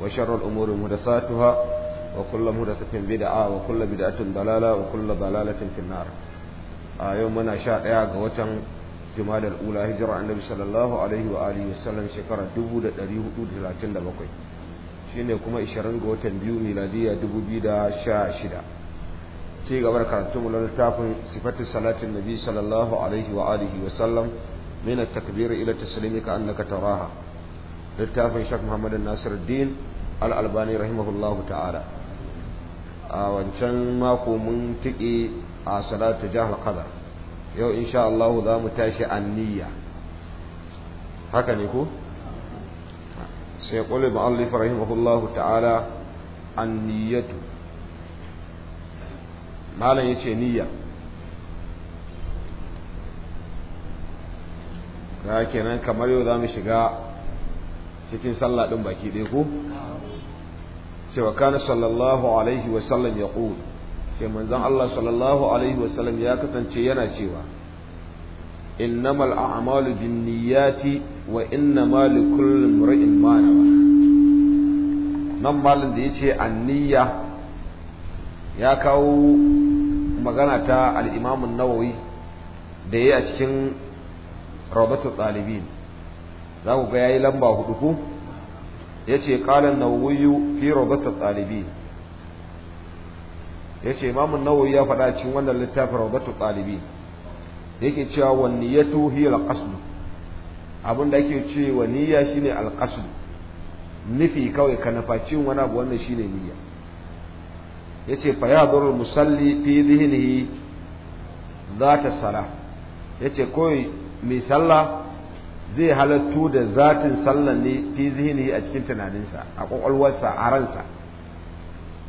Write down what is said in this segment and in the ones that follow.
وشر الأمور مهدساتها وكل مهدسة بدعة وكل بدعة ضلالة وكل ضلالة في النار يومنا شاء قوة جمال الأولى هجرة النبي صلى الله عليه وآله وسلم شكرا دبو دا دريه ودراتين دا بقوي shine kuma 20 ga watan biyu miladiya Ci gaba da karatu mu littafin sifatu salatin nabi sallallahu alaihi wa alihi wa sallam min at-takbir ila annaka littafin shak muhammad nasiruddin al'albani albani rahimahullahu ta'ala a wancan mako mun tiki a salatu jahal qadar yau insha Allah za mu tashi anniya haka ne ko sai qul mu'allif rahimahullahu ta'ala anniyatu malam yace niyya ka kenan kamar yau za mu shiga cikin sallah din baki ɗaya ko cewa kana sallallahu alaihi wa sallam ya ƙul ke manzan Allah sallallahu alaihi wa sallam ya kasance yana cewa innamal a'malu bin niyyati wa innama li kulli imrin ma nawa nan malin da yace anniya ya kawo magana ta al-Imam an-Nawawi da yayi a cikin Rawdatul Talibin za mu ga yi lamba hudu ko yace ce an-nawawi fi rabat talibi yace imam nawawi ya faɗa cikin wannan littafin rabat talibi yake cewa wan niyatu hiya al-qasd abin da ake cewa niyya shine al nufi kawai ka nafaci wani abu wannan shine niyya yace fa yadhur musalli fi dhihnihi ذات الصلاة yace koyi mai sallah zai halattu da zatin sallan ne fi zihni a cikin tunaninsa a kwakwalwarsa a ransa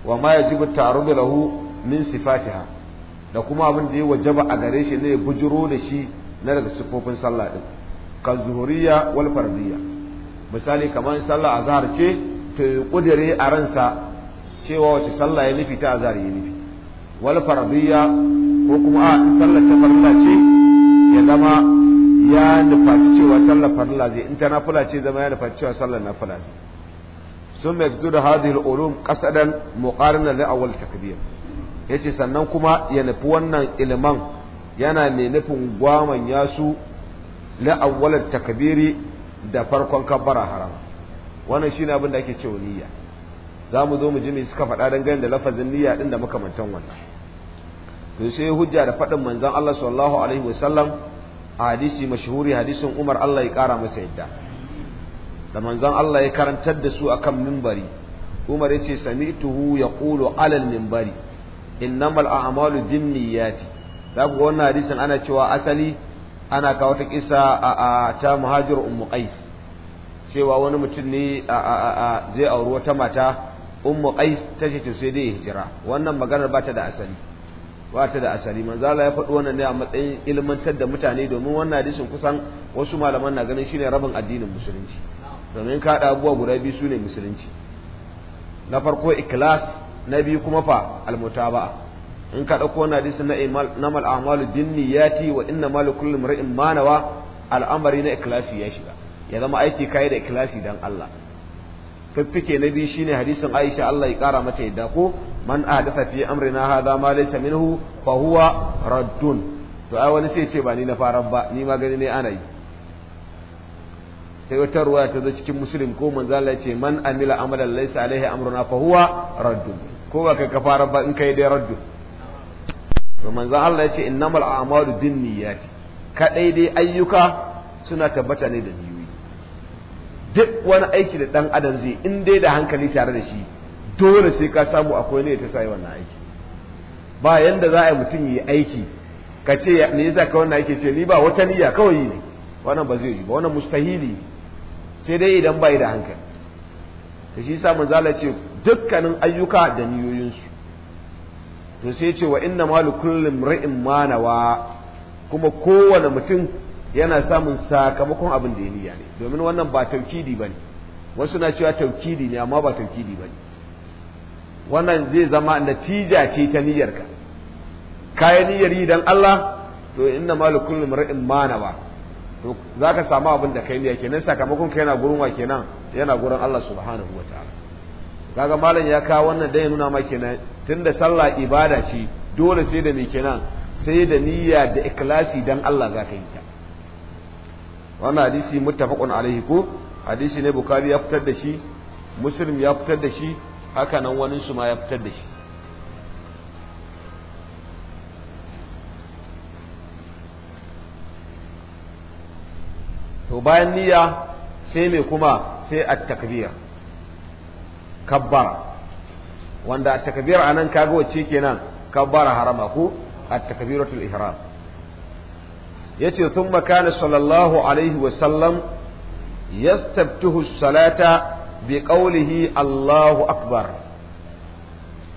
wa ma taru da rahu min fatiha da kuma abin da ya wajaba a gare shi ne bujiro da shi na daga sifofin sallah din kan zuhuriya wal fardiyya misali kamar sallah azhar ce to ya kudire a ransa cewa wace sallah ya nufi ta azhar ya nufi wal fardiyya ko kuma a sallah ta farilla ce ya zama ya nufaci cewa sallar farilla zai in ta nafila ce zama ya nufaci cewa sallar nafila zai sun mai zuwa hadhihi al-ulum qasadan muqarana li awwal takbir yace sannan kuma ya nufi wannan ilman yana mai nufin gwaman yasu li awwal takbiri da farkon kabbara haram wannan shine abin da ake cewa niyya za mu zo mu ji me suka faɗa dangane da lafazin niyya din da makamantan wannan to sai hujja da faɗin manzon Allah sallallahu alaihi wasallam a hadisi mashahuri hadisin Umar Allah ya kara masa yadda da manzon Allah ya karantar da su akan mimbari Umar ya ce sami'tuhu yaqulu alal mimbari innamal a'malu binniyati da ku wannan hadisin ana cewa asali ana kawo wata kisa a ta muhajir ummu qais cewa wani mutum ne a zai auri wata mata ummu qais ta ce sai dai hijira wannan maganar ba ta da asali ba da asali manzo Allah ya faɗi wannan ne a matsayin ilmantar da mutane domin wannan hadisin kusan wasu malaman na ganin shine rabin addinin musulunci domin ka da abubuwa guda biyu sune musulunci na farko ikhlas na biyu kuma fa almutaba'a in ka dauko wannan hadisin na mal a'malu binniyati wa mal kullu imrin manawa al'amari na ikhlasi ya shiga ya zama aiki kai da ikhlasi dan Allah fiffike na biyu shine hadisin Aisha Allah ya kara mata yadda ko man ahdatha fi amrina hadha ma laysa minhu fa huwa raddun to ai wani sai ce ba ni na fara ba ni ma gani ne ana yi sai wata ruwaya ta zo cikin muslim ko manzo Allah ya ce man amila amalan laysa alaihi amruna fa huwa raddun ko ba kai ka fara ba in kai dai raddun to manzo Allah ya ce innamal a'malu binniyati kadai dai ayyuka suna tabbata ne da niyya duk wani aiki da ɗan adam zai in dai da hankali tare da shi dole sai ka samu akwai ne ta sai wannan aiki ba yanda za a yi mutum yi aiki ka ce me yasa ka wannan aiki ce ni ba wata niyya kawai ne wannan ba zai yi ba wannan mustahili sai dai idan bai da hankali ta shi yasa manzala ce dukkanin ayyuka da niyoyinsu to sai ce wa inna malu kullum ra'in manawa kuma kowane mutum yana samun sakamakon abin da ya niyya ne domin wannan ba taukidi ba ne wasu na cewa taukidi ne amma ba taukidi ba ne wannan zai zama natija ce ta niyyarka kayan niyyar yi dan Allah to inna malu kullum mar'in mana ba to za ka samu abin da kai niyya kenan sakamakon ka yana gurin wa kenan yana gurin Allah subhanahu wataala kaga malam ya kawo wannan dan ya nuna ma kenan tunda sallah ibada ce dole sai da me kenan sai da niyya da ikhlasi dan Allah za ka yi ta wannan hadisi muttafaqun alaihi ko hadisi ne bukari ya fitar da shi muslim ya fitar da shi haka nan wani su ma ya fitar da shi to bayan niyya sai mai kuma sai at-takbir kabbara wanda at-takbir anan kaga wacce kenan kabbara harama ko at-takbiratul ihram yace tun makana sallallahu alaihi wa sallam yastabtihu salata bi qawlihi Allahu akbar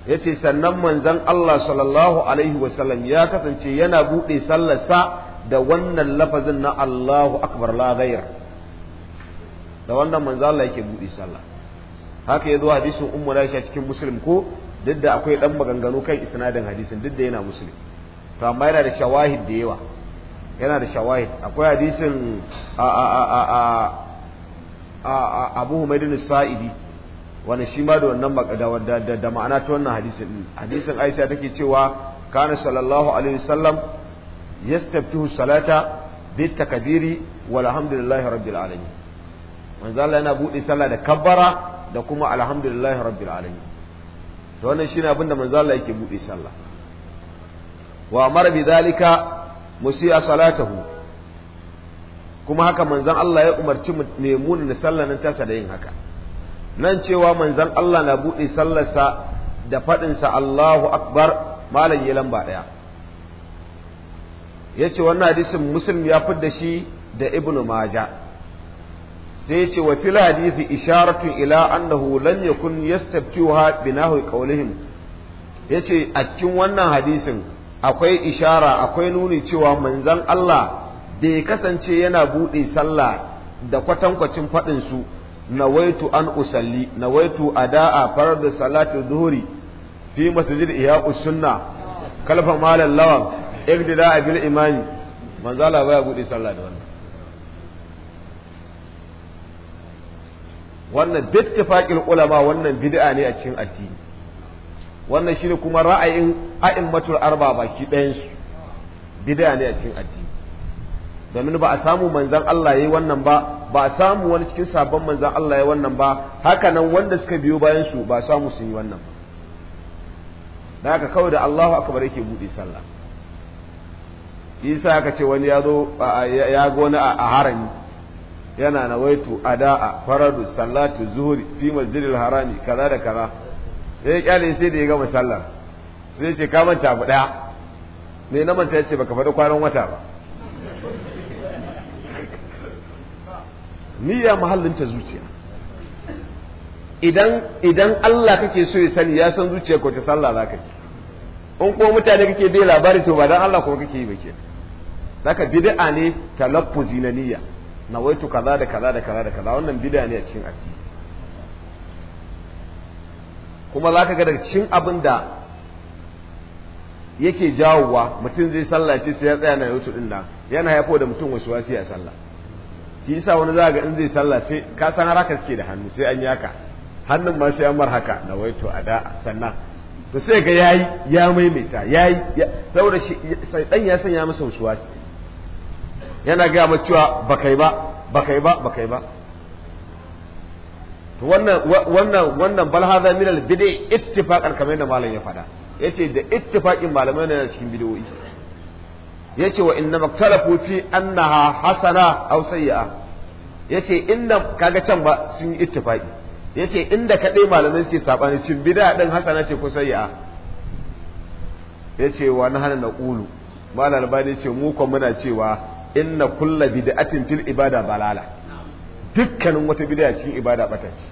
yace sannan manzon Allah sallallahu alaihi wa sallam ya kasance yana bude sallarsa da wannan lafazin na Allahu akbar la ghayr da wannan manzon Allah yake bude sallah haka yazo hadisin ummu Aisha cikin muslim ko duk da akwai dan maganganu kan isnadin hadisin duk da yana muslim to amma yana da shawahid da yawa yana da shawahid akwai hadisin abu humaydin sa'idi wani shi ma da wannan da ma'ana ta wannan hadisin hadisin aisha take cewa kana sallallahu alaihi wasallam yastabtihu salata bit takbiri walhamdulillahi rabbil alamin manzo Allah yana bude sallah da kabbara da kuma alhamdulillahi rabbil alamin to wannan shine abin da manzo Allah yake bude sallah wa amara bi zalika musiya salatahu kuma haka manzan Allah ya umarci mai munana sallan tasa da yin haka nan cewa manzan Allah na buɗe sallarsa da faɗinsa Allahu akbar malam ya lamba ɗaya ya ce wannan hadisin muslim ya fi da shi da ibnu maja sai ya ce wa fil hadisi isharatun ila annahu lam yakun yastabtiha binahu qawlihim yace a cikin wannan hadisin akwai ishara akwai nuni cewa manzan Allah bai kasance yana buɗe sallah da kwatankwacin faɗin na waitu an usalli na waitu a nawaitu farar da salatu zuhri fi masjid iya sunna kalfa malam lawan a bil imani manzan Allah baya buɗe sallah da wannan wannan faƙin ulama wannan bid'a ne a cikin addini wannan ne kuma ra'ayin a'in a'immatul arba baki ɗayan bid'a ne a cikin addini domin ba a samu manzan Allah yi wannan ba ba a samu wani cikin sabon manzan Allah yi wannan ba haka nan wanda suka biyo bayan su ba samu sun yi wannan ba da haka kawai da Allahu akbar ke buɗe sallah isa aka ce wani ya zo ya ga wani a harami yana nawaitu ada'a faradu salatu zuhuri fi masjidil harami kaza da kaza sai ya kyale sai da ya gama sallar sai ce ka manta abu daya ne na manta yace baka faɗi kwanan wata ba niyya mahallin ta zuciya idan idan Allah kake so ya sani ya san zuciya ko ta sallah ka yi in ko mutane kake bai labari to ba dan Allah ko kake yi ba ke zaka bid'a ne talaffuzi na niyya nawaitu kaza da kaza da kaza da kaza wannan bid'a ne a cikin addini kuma za ka ga daga cikin abin da yake jawowa mutum zai sallace sai ya tsaya na yau din nan yana haifo da mutum wasu wasu ya sallah shi yasa wani za ga in zai sallah sai ka san haraka suke da hannu sai an yaka hannun ma sai an mar haka na waito a da sannan to sai ga yayi ya maimaita yayi saboda shi dan ya sanya masa wasu wasu yana ga mu cewa bakai ba bakai ba bakai ba to wannan wannan wannan bal hadha min al bid'i ittifaqan kamar yadda malam ya faɗa yace da ittifaqin malamai na cikin bid'o'i yace wa inna maktalafu fi annaha hasana aw sayyi'a yace inda kaga can ba sun yi ittifaqi yace inda kadai malamai suke sabani cin bid'a din hasana ce ko sayyi'a yace wa na hana qulu malam bani yace mu kuma muna cewa inna kullu bid'atin fil ibada balala dukkanin wata bid'a cikin ibada bata ce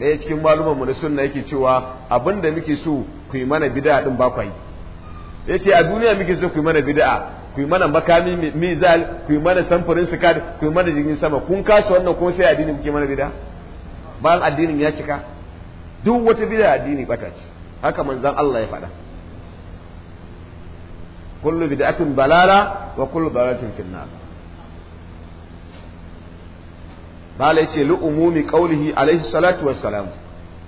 ɗaya cikin maluman mu na sunna yake cewa abinda muke so ku yi mana bid'a din ba kwai yi ce a duniya muke so ku yi mana bid'a ku yi mana makami mizal ku yi mana samfurin sikad ku yi mana jirgin sama kun kasa wannan kuma sai addini muke mana bid'a bayan addinin ya cika duk wata bid'a addini bata ce haka manzan Allah ya faɗa kullu bid'atin balala wa kullu dalalatin finnar mala yace li umumi qaulihi alaihi salatu wassalam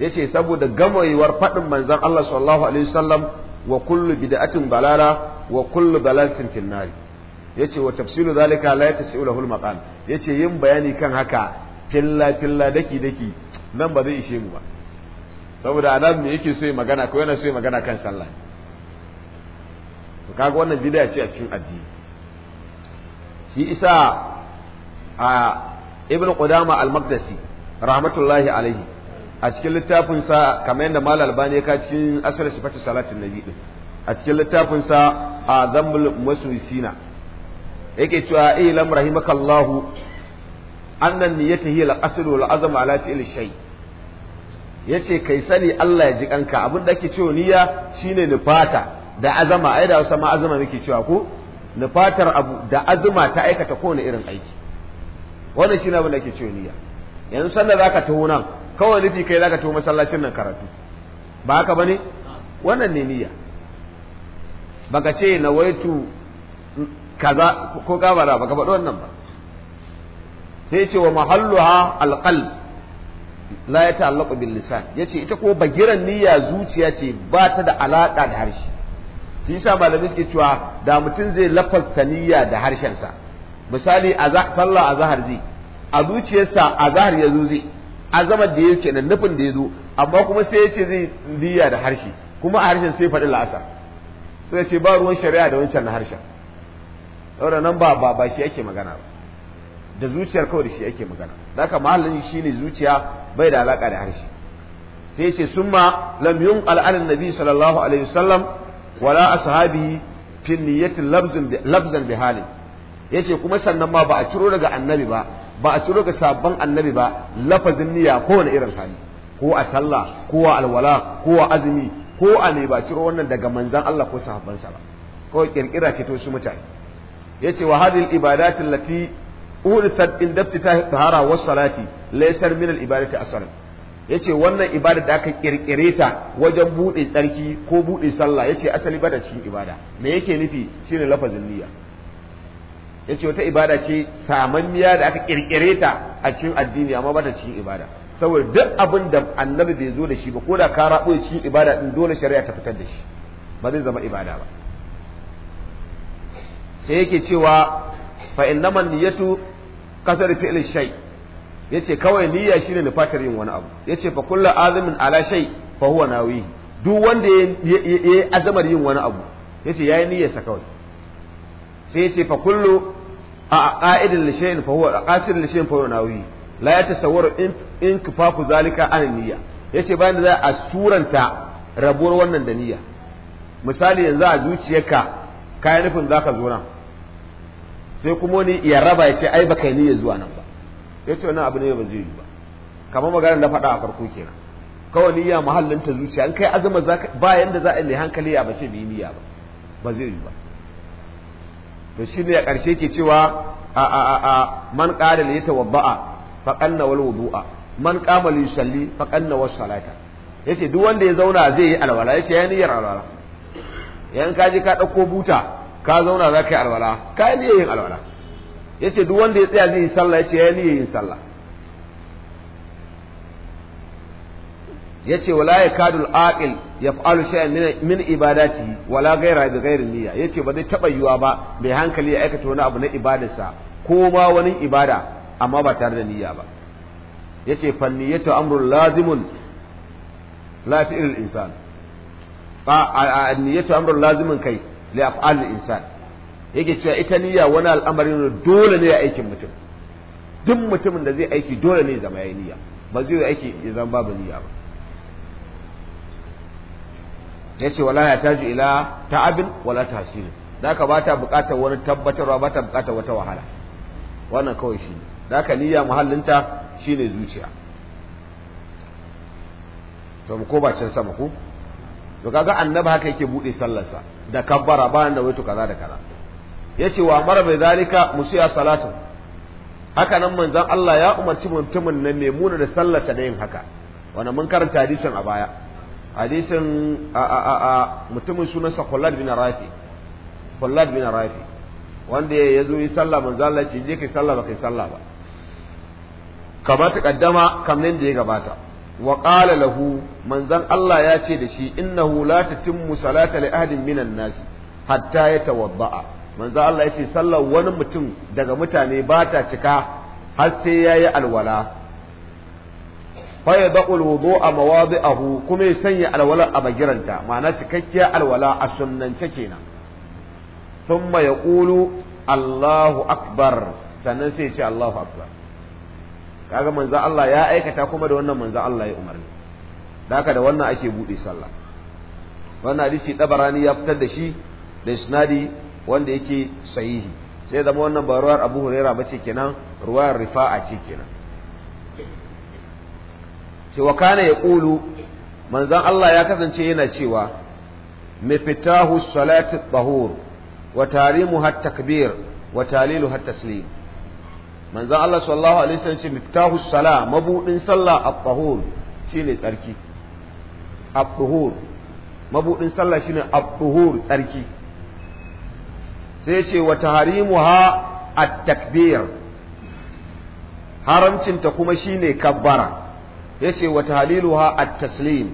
yace saboda gamayewar fadin manzon Allah sallallahu alaihi wasallam wa kullu bid'atin balala wa kullu dalalatin finnari yace wa tafsilu zalika la yatasi'u lahul al-maqam yace yin bayani kan haka filla filla daki daki nan ba zai ishe mu ba saboda anan me yake so magana ko yana so magana kan sallah kaga wannan bid'a ce a cikin addini shi isa a ibn qudama al-maqdisi rahmatullahi alayhi, a cikin littafin sa kamar yadda mal albani ka cikin asar sifatu salatin nabi din a cikin littafin sa a zammul maswisina yake cewa lam rahimakallahu annan niyyata hiya al-asl wal azm ala fi'l shay yace kai sani Allah ya ji kanka abin da ake cewa niyya shine nufata da azama ai da wasu ma azama muke cewa ko nufatar abu da azuma ta aikata kowane irin aiki wannan shine abin da ake cewa niyya yanzu sanda zaka taho nan kawai nufi kai zaka taho masallacin nan karatu ba haka bane wannan ne niyya baka ce na waitu kaza ko kabara baka faɗi wannan ba sai ce wa mahalluha alqal la ya ta'allaqu bil lisan yace ita ko bagiran niyya zuciya ce ba ta da alaka da harshe shi yasa malamai suke cewa da mutum zai lafazta niyya da harshensa misali sallah a zahar zai a zuciyarsa a zahar ya zo zai azamar da ya ce nan nufin da ya zo amma kuma sai ya ce zai niyya da harshe kuma a harshen sai faɗi la'asar sai ya ce ba ruwan shari'a da wancan na harshen saboda nan ba ba ba shi ake magana ba da zuciyar kawai da shi ake magana da haka mahallin shi ne zuciya bai da alaka da harshe sai ce sun lam yun al'adun nabi sallallahu alaihi wasallam wala ashabihi fi niyyatin labzan bi yace kuma sannan ma ba a ciro daga annabi ba ba a ciro daga sabon annabi ba lafazin niyya kowane irin hali ko a sallah ko a alwala ko a azumi ko a ne ba ciro wannan daga manzan Allah ko sahabbansa ba kawai kirkira ce to su mutane yace wa hadhihi al-ibadat allati uhdithat inda tahara was salati laysar min al-ibadati yace wannan ibada da aka kirkire ta wajen bude tsarki ko bude sallah yace asali bada cikin ibada me yake nufi shine lafazin niyya ya ce wata ibada ce samammiya da aka kirkire ta a cikin addini amma ba ta cikin ibada saboda duk abin da annabi bai zo da shi ba ko da ka rabo cikin ibada din dole shari'a ta fitar da shi ba zai zama ibada ba sai yake cewa fa innama niyyatu kasar fi'l shay yace kawai niyya shine fatar yin wani abu yace fa kullu azumin ala shay fa huwa nawihi duk wanda ya azamar yin wani abu yace yi niyyarsa kawai sai ce fa kullu a qa'idin lishayin fa huwa aqasir lishayin fa huwa nawi la yatasawwaru in kifafu zalika an niyya yace bayan da za a suranta rabuwar wannan da niyya misali yanzu a zuciyarka kai nufin zaka zo nan sai kuma wani ya raba yace ai baka niyya zuwa nan ba yace wannan abu ne ba zai yi ba kamar maganar da faɗa a farko kenan kawai niyya mahallin ta zuciya an kai azama ba yanda za a yi hankali ya bace bi niyya ba ba zai yi ba to shi ne a ƙarshe ke cewa a a a a man ƙara li yatawadda'a wabba'a qanna wal wudu'a man qama li yusalli fa qanna was salata yace duk wanda ya zauna zai yi alwala ce ya niyyar alwala yan ka je ka ɗauko buta ka zauna za ka yi alwala ka yi niyyar yin alwala ce duk wanda ya tsaya zai yi sallah ce ya niyyar yin sallah yace wala yakadul aqil yaf'alu shay'an min min ibadatihi wala ghaira bi ghairi niyya yace ba zai taba yiwa ba mai hankali ya aikata wani abu na ibadarsa ko ma wani ibada amma ba tare da niyya ba yace fanniyatu amrun lazimun la fi'il insan fa niyyatu amrun lazimun kai li af'al insan yake cewa ita niyya wani al'amari ne dole ne ya aikin mutum duk mutumin da zai aiki dole ne ya zama yayi niyya ba zai aiki ya zama babu niyya ba ya ce wala ya taju ila ta'abin wala tasiri da ka ba ta buƙatar wani tabbatarwa ba ta buƙatar wata wahala wannan kawai shi ne da ka niyya muhallinta shine zuciya to mu ba can sama ko to kaga annabi haka yake bude sallarsa da kabbara ba da waito kaza da kaza yace wa mara bai zalika musiya salatu haka nan manzon Allah ya umarci mutumin nan mai muna da sallarsa da yin haka wannan mun karanta hadisin a baya hadisin a a a mutumin sunansa Khullad bin Rafi Khullad bin Rafi wanda ya zo yi sallah manzo Allah ce je kai sallah ba kai sallah ba Kamar ta kaddama kamar da ya gabata wa qala lahu manzan Allah ya ce da shi innahu la tatimmu salata li ahadin minan nasi hatta yatawadda manzo Allah ya ce sallar wani mutum daga mutane ba ta cika har sai yayi alwala fa ya a wudu'a mawadi'ahu kuma ya sanya alwala a bagiranta ma'ana cikakkiya alwala a sunnance kenan thumma yaqulu Allahu akbar sannan sai ya ce Allahu akbar kaga manzo Allah ya aikata kuma da wannan manzo Allah ya umarni da haka da wannan ake bude sallah wannan hadisi tabarani ya fitar da shi da isnadi wanda yake sahihi sai zama wannan ba ruwar Abu Hurairah bace kenan ruwar Rifa'a ce kenan ce kana ya ƙulu manzan Allah ya kasance yana cewa mifitahu salati tahur wa tarimu hat takbir wa talilu hat taslim manzan Allah sallallahu alaihi wasallam ce mifitahu sala mabudin sallah a tahur shine tsarki a tahur mabudin sallah shine a tahur tsarki sai ce wa ha a takbir haramcinta kuma shine kabbara yace wa tahliluha at-taslim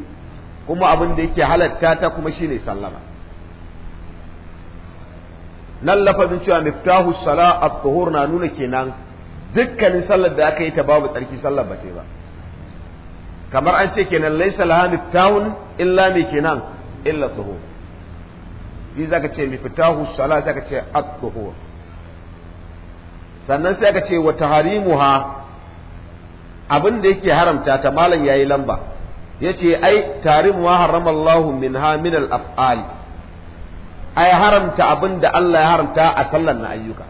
kuma abin da yake halatta ta kuma shine sallama nan lafazin cewa miftahu sala at-tuhur na nuna kenan dukkanin sallar da aka yi ta babu tsarki sallar ba ba kamar an ce kenan laysa laha miftahun illa mi kenan illa tuhur yi zaka ce miftahu sala zaka ce at-tuhur sannan sai aka ce wa tahrimuha abin da yake haramta ta malam yayi lamba yace ai tarim wa haramallahu minha min al af'al ai haramta abin da Allah ya haramta a sallan na ayyuka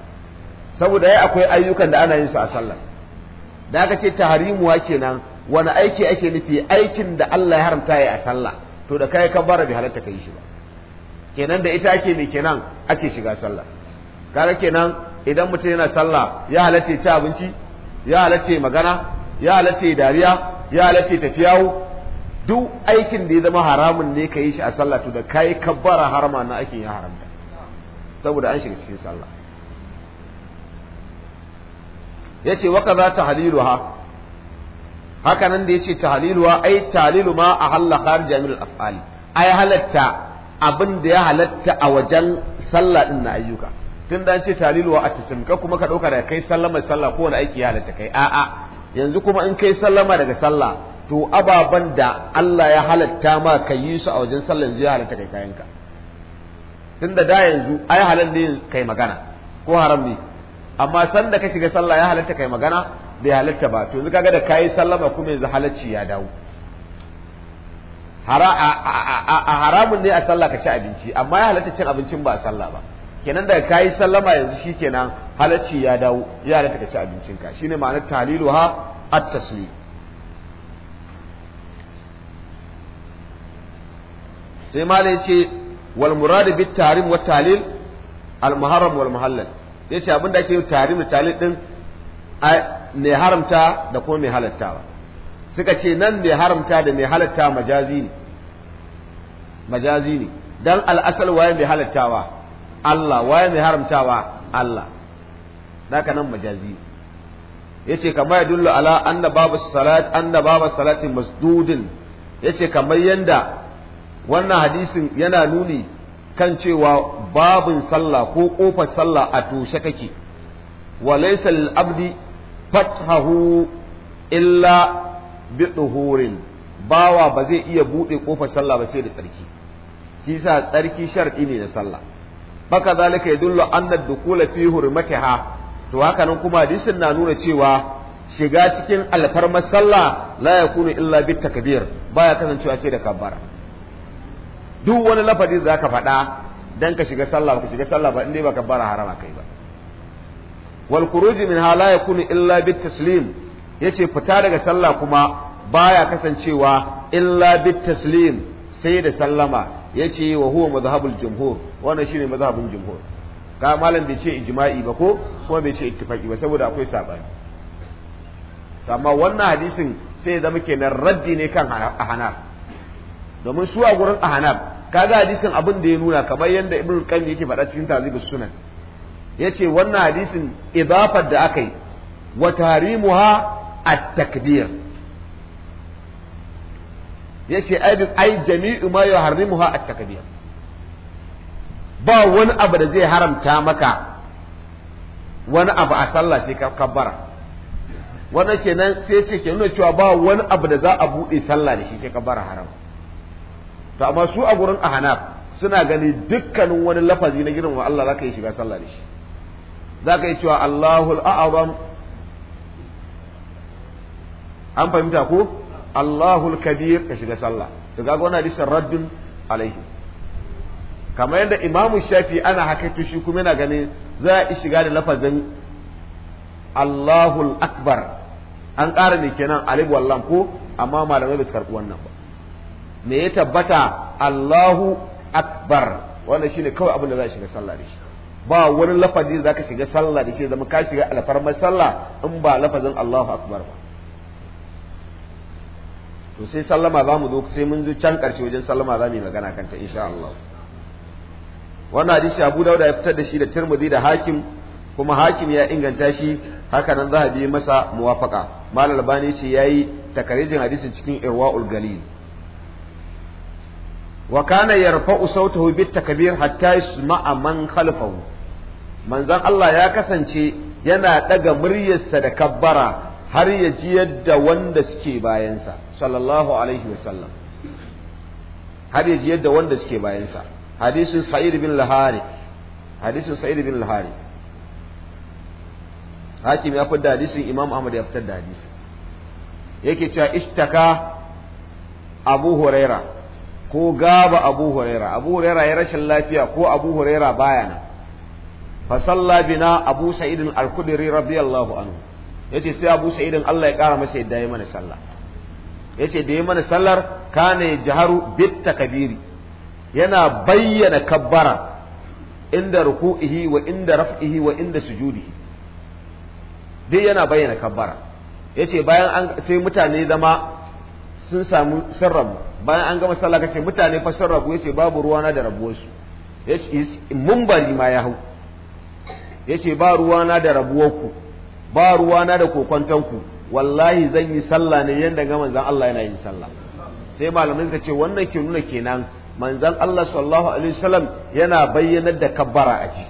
saboda ai akwai ayyukan da ana yin su a sallan da aka ce wa kenan wani aiki ake nufi aikin da Allah ya haramta ya a sallah to da kai ka bara bi halatta kai shi ba kenan da ita ake mai kenan ake shiga sallah kaga kenan idan mutum yana sallah ya halatta ci abinci ya halatta magana ya halatta dariya ya halatta tafiya. duk aikin da ya zama haramun ne ka yi shi a sallah to da yi kabbara harama na aikin ya haramta saboda an shiga cikin sallah Ya ce yace za ta halilu haka nan da ya ce ta halilu ha, ai halilu ma a kharij min al Af'ali. ai halatta abin da ya halatta a wajen sallah din na ayyuka tun da an ce tahliluha a taslim ka kuma ka dauka da kai sallama sallah ko wani aiki ya halatta kai a'a yanzu kuma in kai sallama daga sallah to ababan da Allah ya halatta ma ka yi su a wajen sallah yanzu ya halatta kai kayanka tunda da yanzu ai halal ne kai magana ko haram ne amma san da ka shiga sallah ya halatta kai magana bai halatta ba to yanzu kaga da kai sallama kuma yanzu halacci ya dawo haramun ne a sallah ka ci abinci amma ya halatta cin abincin ba a sallah ba kenan daga kayi sallama yanzu shikenan halacci ya dawo ya halatta ka ci ka shine ma'anar taliluha at-taslim sai ma da yace wal murad bit tarim wa talil al muharram wal muhallal yace abinda ake yi tarim da talil din mai haramta da kuma mai halattawa suka ce nan mai haramta da mai halatta majazi ne majazi ne dan al asal waye mai halattawa Allah waye mai haramtawa Allah daga nan majazi yace kamar ya dullu ala anna babu salat anna babu salati masdudin yace kamar yanda wannan hadisin yana nuni kan cewa babin sallah ko kofar sallah a toshe kake wa laysa lil abdi fathahu illa bi duhurin bawa ba zai iya bude kofar sallah ba sai da tsarki kisa tsarki shar'i ne na sallah baka zalika yadullu anna dukula fi hurmatiha to haka nan kuma hadisin na nuna cewa shiga cikin alfarmar sallah la yakunu illa bit takbir baya kasancewa sai da kabbara duk wani lafazi da zaka faɗa dan ka shiga sallah ka shiga sallah ba indai ba kabbara harama kai ba wal khuruj minha la yakunu illa bit taslim yace fita daga sallah kuma baya kasancewa illa bit taslim sai da sallama yace wa huwa madhhabul jumhur wannan shine mazhabin jumhur ga malam bai ce ijma'i ba ko kuma bai ce ittifaqi ba saboda akwai sabani amma wannan hadisin sai zama kenan raddi ne kan ahanar domin su a gurin ahanar kaga hadisin abin da ya nuna kamar yadda ibn qayyim yake faɗa cikin tazibus sunan yace wannan hadisin idafar da aka yi wa tarimuha at-takbir yace ai jami'u ma yuharrimuha at-takbir ba wani abu da zai haramta maka wani abu a sallah sai ka kabbara wannan kenan sai ce ke nuna cewa ba wani abu da za a buɗe sallah da shi sai kabbara haram to amma su a gurin ahanaf suna gani dukkanin wani lafazi na girmama Allah zaka yi shiga sallah da shi zaka yi cewa Allahul a'zam an fahimta ko Allahul kabir ka shiga sallah to ga wannan hadisin raddun alaihi kamar yadda imamu shafi ana hakaito shi kuma yana ganin za a shiga da lafazin Allahul akbar an ƙara ne kenan alif wallan ko amma malamai ba su karɓi wannan ba me ya tabbata Allahu akbar wannan shine kawai abin da za a shiga sallah da shi ba wani lafazi da zaka shiga sallah da shi zama ka shiga alfarmar sallah in ba lafazin Allahu akbar ba to sai sallama za mu zo sai mun zo can ƙarshe wajen sallama za mu yi magana kanta insha Allah wannan hadisi Abu Dawud ya fitar da shi da Tirmidhi da Hakim kuma Hakim ya inganta shi haka nan Zahabi masa muwafaka Malam Albani ce yayi takarijin hadisin cikin Irwaul Galil wa kana yarfa'u sautahu bit takbir hatta yasma'a man khalfahu manzon Allah ya kasance yana daga muryarsa da kabbara har ya ji yadda wanda suke bayansa sallallahu alaihi wasallam har ya ji yadda wanda suke bayansa hadisin sa'id bin lahari hadisin sa'id bin lahari hakim ya fitar da imam ahmad ya fitar da hadisin yake cewa ishtaka abu huraira ko gaba abu huraira abu huraira ya rashin lafiya ko abu huraira baya nan fa salla bina abu sa'id al-khudri radiyallahu anhu yace sai abu sa'id Allah ya kara masa yadda ya mana sallah yace da ya mana sallar kane jaharu Bitta Kabiri. yana bayyana kabbara inda ruku'ihi wa inda raf'ihi wa inda sujudihi duk yana bayyana kabbara yace bayan an sai mutane zama sun samu sun rabu bayan an gama sallah kace mutane fa sun rabu yace babu ruwana da rabuwarsu yace mumbari ma ya hau yace ba ruwana da rabuwarku ba ruwana da kokwantanku wallahi zan yi sallah ne yanda ga manzon Allah yana yin sallah sai malamai suka ce wannan ke nuna kenan Manzan Allah sallallahu alaihi wasallam yana bayyanar da kabbara a ji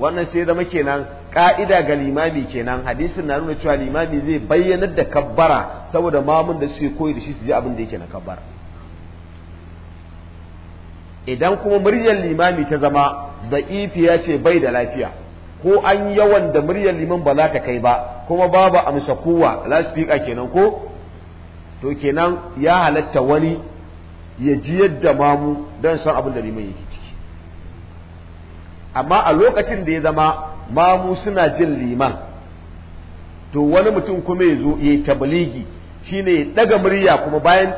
wannan sai zama kenan ka'ida ga limami kenan hadisin na nuna cewa limami zai bayyanar da kabbara saboda mamun da suke koyi da shi su ji abin da yake na kabbara idan kuma muryar limami ta zama da ya ce bai da lafiya ko an yawan da muryar liman ba za ta kai ba kuma babu amsa kowa lasfika kenan ko to kenan ya halatta wani ya ji yadda mamu don san abin da liman yake ciki amma a lokacin da ya zama mamu suna jin liman to wani mutum kuma ya zo ya yi tabaligi shi ne daga murya kuma bayan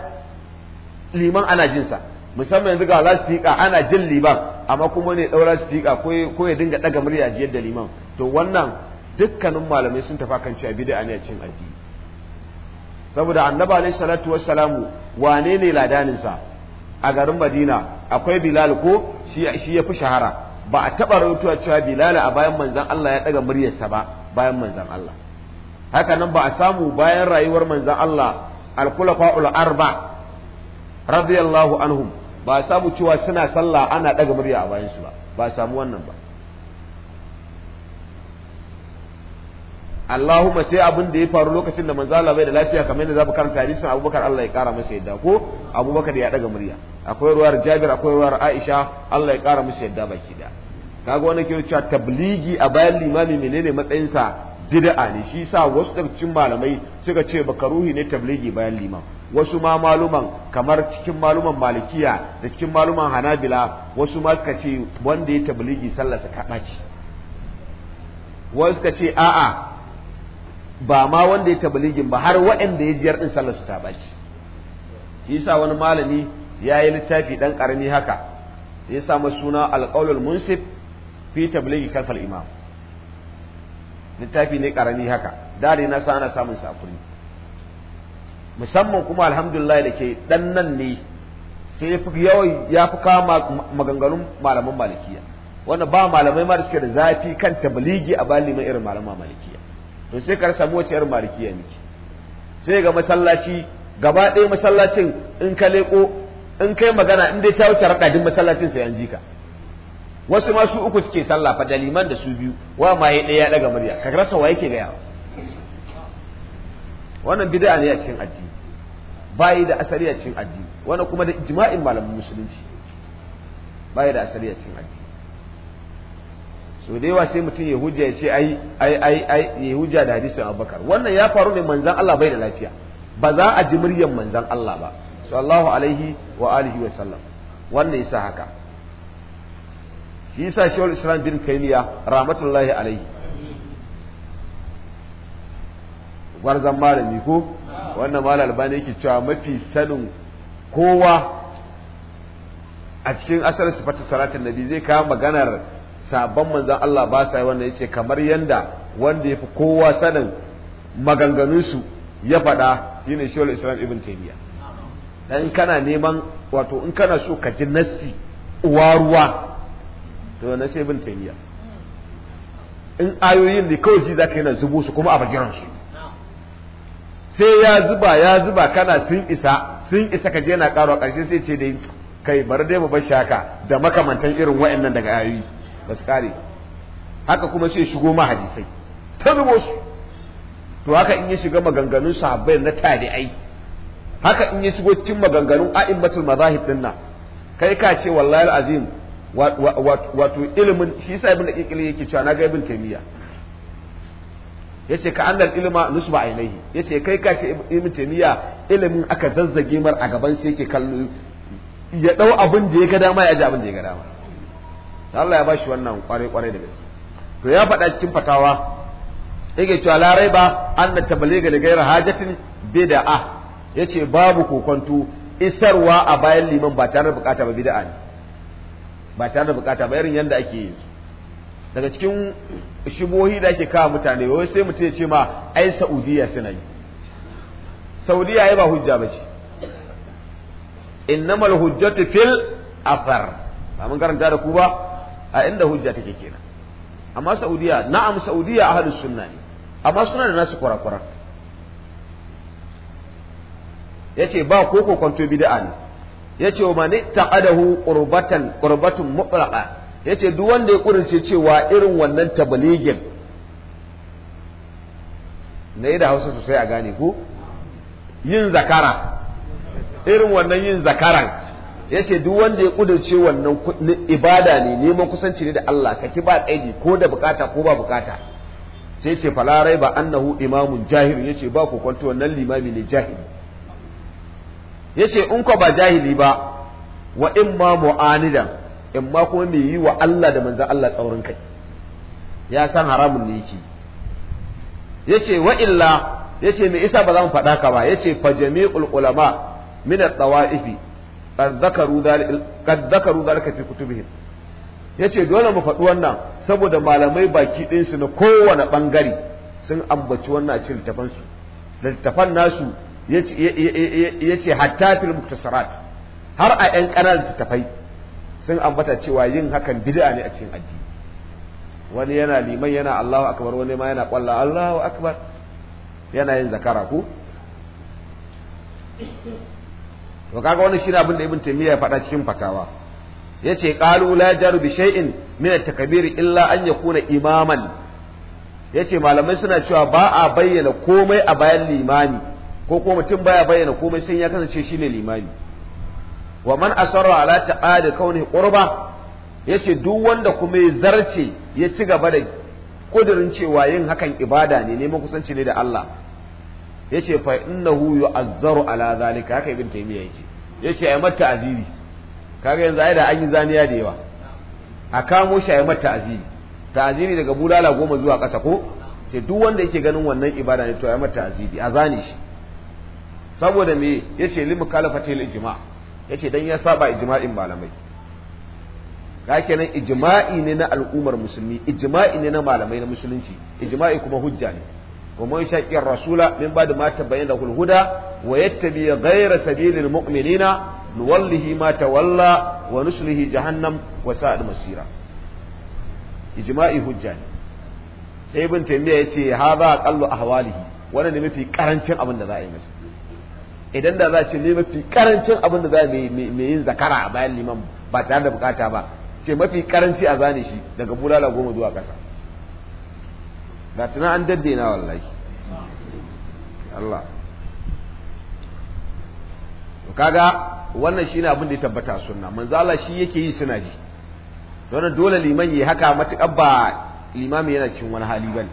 liman ana jinsa musamman yanzu ga tiƙa ana jin liman amma kuma ne ɗaura su tiƙa ko ya dinga ɗaga murya ji da liman to wannan dukkanin malamai sun tafa kan cewa bid'a ne a cin addini saboda annabi alaihi salatu wassalamu wane ne ladaninsa a garin madina akwai bilal ko shi ya fi shahara ba a taɓa rautuwa cewa bilal a bayan manzan allah ya ɗaga muryarsa ba bayan manzan allah haka nan ba a samu bayan rayuwar manzan allah alkulafa'ul arba radiyallahu anhum ba a samu cewa suna sallah ana ɗaga murya a bayansu ba ba a samu wannan ba Allahumma sai abin da ya faru lokacin da manzo Allah bai da lafiya kamar yadda zamu karanta hadisin Abubakar Allah ya kara masa yadda ko Abubakar ya daga murya akwai ruwar Jabir akwai ruwar Aisha Allah ya kara masa yadda baki da kaga wannan ke cewa tabligi a bayan limami menene matsayin sa bid'a ne shi yasa wasu daga cikin malamai suka ce bakaruhi ne tabligi bayan limam wasu ma maluman kamar cikin maluman malikiya da cikin maluman hanabila wasu ma suka ce wanda ya tabligi sallarsa kaɗaci wasu suka ce a'a ba ma wanda ya tabaligin ba har waɗanda ya jiyar ɗin sallar su ta baci shi yasa wani malami ya yi littafi ɗan ƙarami haka ya samu suna alqaulul munsif fi tablighi kalfal imam littafi ne ƙarami haka dare na sa ana samun safuri musamman kuma alhamdulillah da ke ɗan nan ne sai ya fi kawo maganganun malaman malikiya wanda ba malamai ma da suke da zafi kan tabligi a mai irin malaman malikiya to sai ka samu wacce yar malikiya miki sai ga masallaci gaba ɗaya masallacin in ka leko in kai magana in dai ta wuce raƙadin masallacin sai an ji ka wasu ma su uku suke sallah fa daliman da su biyu wa ma ya ɗaya ɗaga murya ka rasa wa yake gaya wannan bid'a ne a cikin addini bayi da asali a cikin addini wannan kuma da ijma'in malamin musulunci bayi da asali a cikin addini so da yawa sai mutum ya hujja ya ce ai ai ai ai ya hujja da hadisin abubakar wannan ya faru ne manzan Allah bai da lafiya ba za a ji muryan manzan Allah ba sallallahu alaihi wa alihi wa sallam wannan yasa haka shi yasa shawul islam bin taymiya rahmatullahi alaihi gwarzan malami ko wannan malam albani yake cewa mafi sanin kowa a cikin asalin sifatar salatin nabi zai kawo maganar sabon manzan Allah ba sa yi wannan yace kamar yanda wanda yafi kowa sanin maganganun su ya faɗa shine Shaykhul Islam Ibn Taymiyyah dan kana neman wato in kana so ka ji nassi uwa ruwa to na sai Ibn Taymiyyah in ayoyin ne kawai ji zaka yana zubo su kuma a bagiran su sai ya zuba ya zuba kana sun isa sun isa ka je yana karo a ƙarshe sai ce dai kai bar dai mu bar shaka da makamantan irin wa'annan daga ayoyi ba su kare haka kuma sai shigo ma hadisai ta zubo su to haka in ya shiga maganganun sahabbai na tabi'ai haka in ya shigo cikin maganganun a'immatul mazahib din nan kai ka ce wallahi azim wato ilimin shi sa ibn daqiqili yake cewa na ga ibn taymiya yace ka annal ilma nusba ainihi yace kai ka ce ibn taymiya ilimin aka zazzage mar a gaban sai yake kallo ya dau abin da ya ga dama ya ji abin da ya ga dama Allah ya bashi wannan kwarai kwarai da gaske to ya faɗa cikin fatawa yake cewa larai ba anna tabliga li ghairi hajatin bid'a yace babu kokonto isarwa a bayan liman ba tare da bukata ba bid'a ne ba tare da bukata ba irin yanda ake yi daga cikin shibohi da ake kawo mutane wai sai mutum ya ce ma ai saudiya suna yi saudiya ai ba hujja ba ce innamal hujjatu fil afar ba mun karanta da ku ba a inda hujja take kenan amma saudiya na'am saudiya ahlus sunna ne amma suna da nasu kwarakwara yace ba ko ko kwanto bid'a ne yace wa mani taqadahu qurbatan qurbatun mutlaqa yace duk wanda ya kurince cewa irin wannan tabligin ne da Hausa sosai a gane ko yin zakara irin wannan yin zakaran ya ce duk wanda ya kudurce wannan ibada ne neman kusanci ne da Allah ka ki ba kaidi ko da bukata ko ba bukata sai ce falarai ba annahu imamun jahil ya ce ba ku kwanto wannan limami ne jahili ya ce in ko ba jahili ba wa in ma mu'anidan in ma kuma mai yi wa Allah da manzan Allah tsaurin kai ya san haramun ne yake ya ce wa illa ya ce mai isa ba za mu faɗa ka ba ya ce fa jami'ul ulama min at qad zakaru zalika fi kutubihim yace dole mu faɗi wannan saboda malamai baki ɗin su na kowane ɓangare sun ambaci wannan a cikin littafan su littafan nasu yace hatta fil muktasarat har a ƴan ƙananan littafai sun ambata cewa yin hakan bid'a ne a cikin addini wani yana liman yana Allahu akbar wani ma yana kwalla Allahu akbar yana yin zakara ko to kaga wannan shine abin da ibn taymiya ya faɗa cikin fatawa yace qalu la jaru bi shay'in min at-takbir illa an yakuna imaman yace malamai suna cewa ba a bayyana komai a bayan limami ko ko mutum baya bayyana komai sai ya kasance shine limami wa man asarra ala ta'ali kauni qurba yace duk wanda kuma ya zarce ya ci gaba da kudirin cewa yin hakan ibada ne neman kusanci ne da Allah yace fa innahu yu'azzaru ala zalika haka ibn taymiya yace yace ai mata aziri kaga yanzu ai da an yi zaniya da yawa a kamo shi ai mata aziri ta'aziri daga bulala goma zuwa kasa ko ce duk wanda yake ganin wannan ibada ne to ai mata aziri a zani shi saboda me yace limu kalafatil ijma yace dan ya saba ijma'in malamai ga kenan ijma'i ne na al'ummar musulmi ijma'i ne na malamai na musulunci ijma'i kuma hujja ne ومن يشاق الرسول من بعد ما تبين له الهدى ويتبع غير سبيل المؤمنين نوله ما تولى ونسله جهنم وساءت مسيرا إجماعي هجاني sai ibn taymiya yace hadha aqallu ahwalihi wannan ne mafi karancin abin da yi masa idan da za ce ne mafi karancin abin da za a me yin zakara a bayan liman ba tare da bukata ba ce mafi karanci a zane shi daga bulala goma zuwa ƙasa ga na an na wallahi Allah kaga wannan shine abin da ya tabbata sunna manzo Allah shi yake yi suna ji don dole liman yi haka matukar ba limami yana cin wani hali bane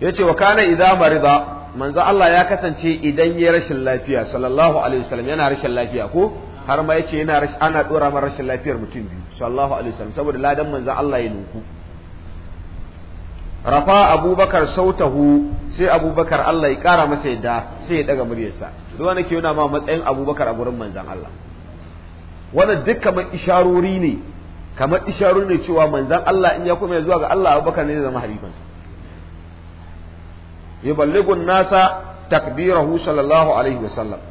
yace wa kana idza marida manzo Allah ya kasance idan ya rashin lafiya sallallahu alaihi wasallam yana rashin lafiya ko har ma yace yana ana dora mar rashin lafiyar mutum biyu sallallahu alaihi wasallam saboda ladan manzo Allah ya nuku rafa abubakar sautahu sai abubakar Allah ya kara masa yadda sai ya daga muryarsa zuwa nake yana ma matsayin abubakar a gurin manzan Allah wannan duk kamar isharori ne kamar isharori ne cewa manzan Allah in ya kuma zuwa ga Allah abubakar ne zai zama halifansa yuballigun nasa takbirahu sallallahu alaihi wa sallam.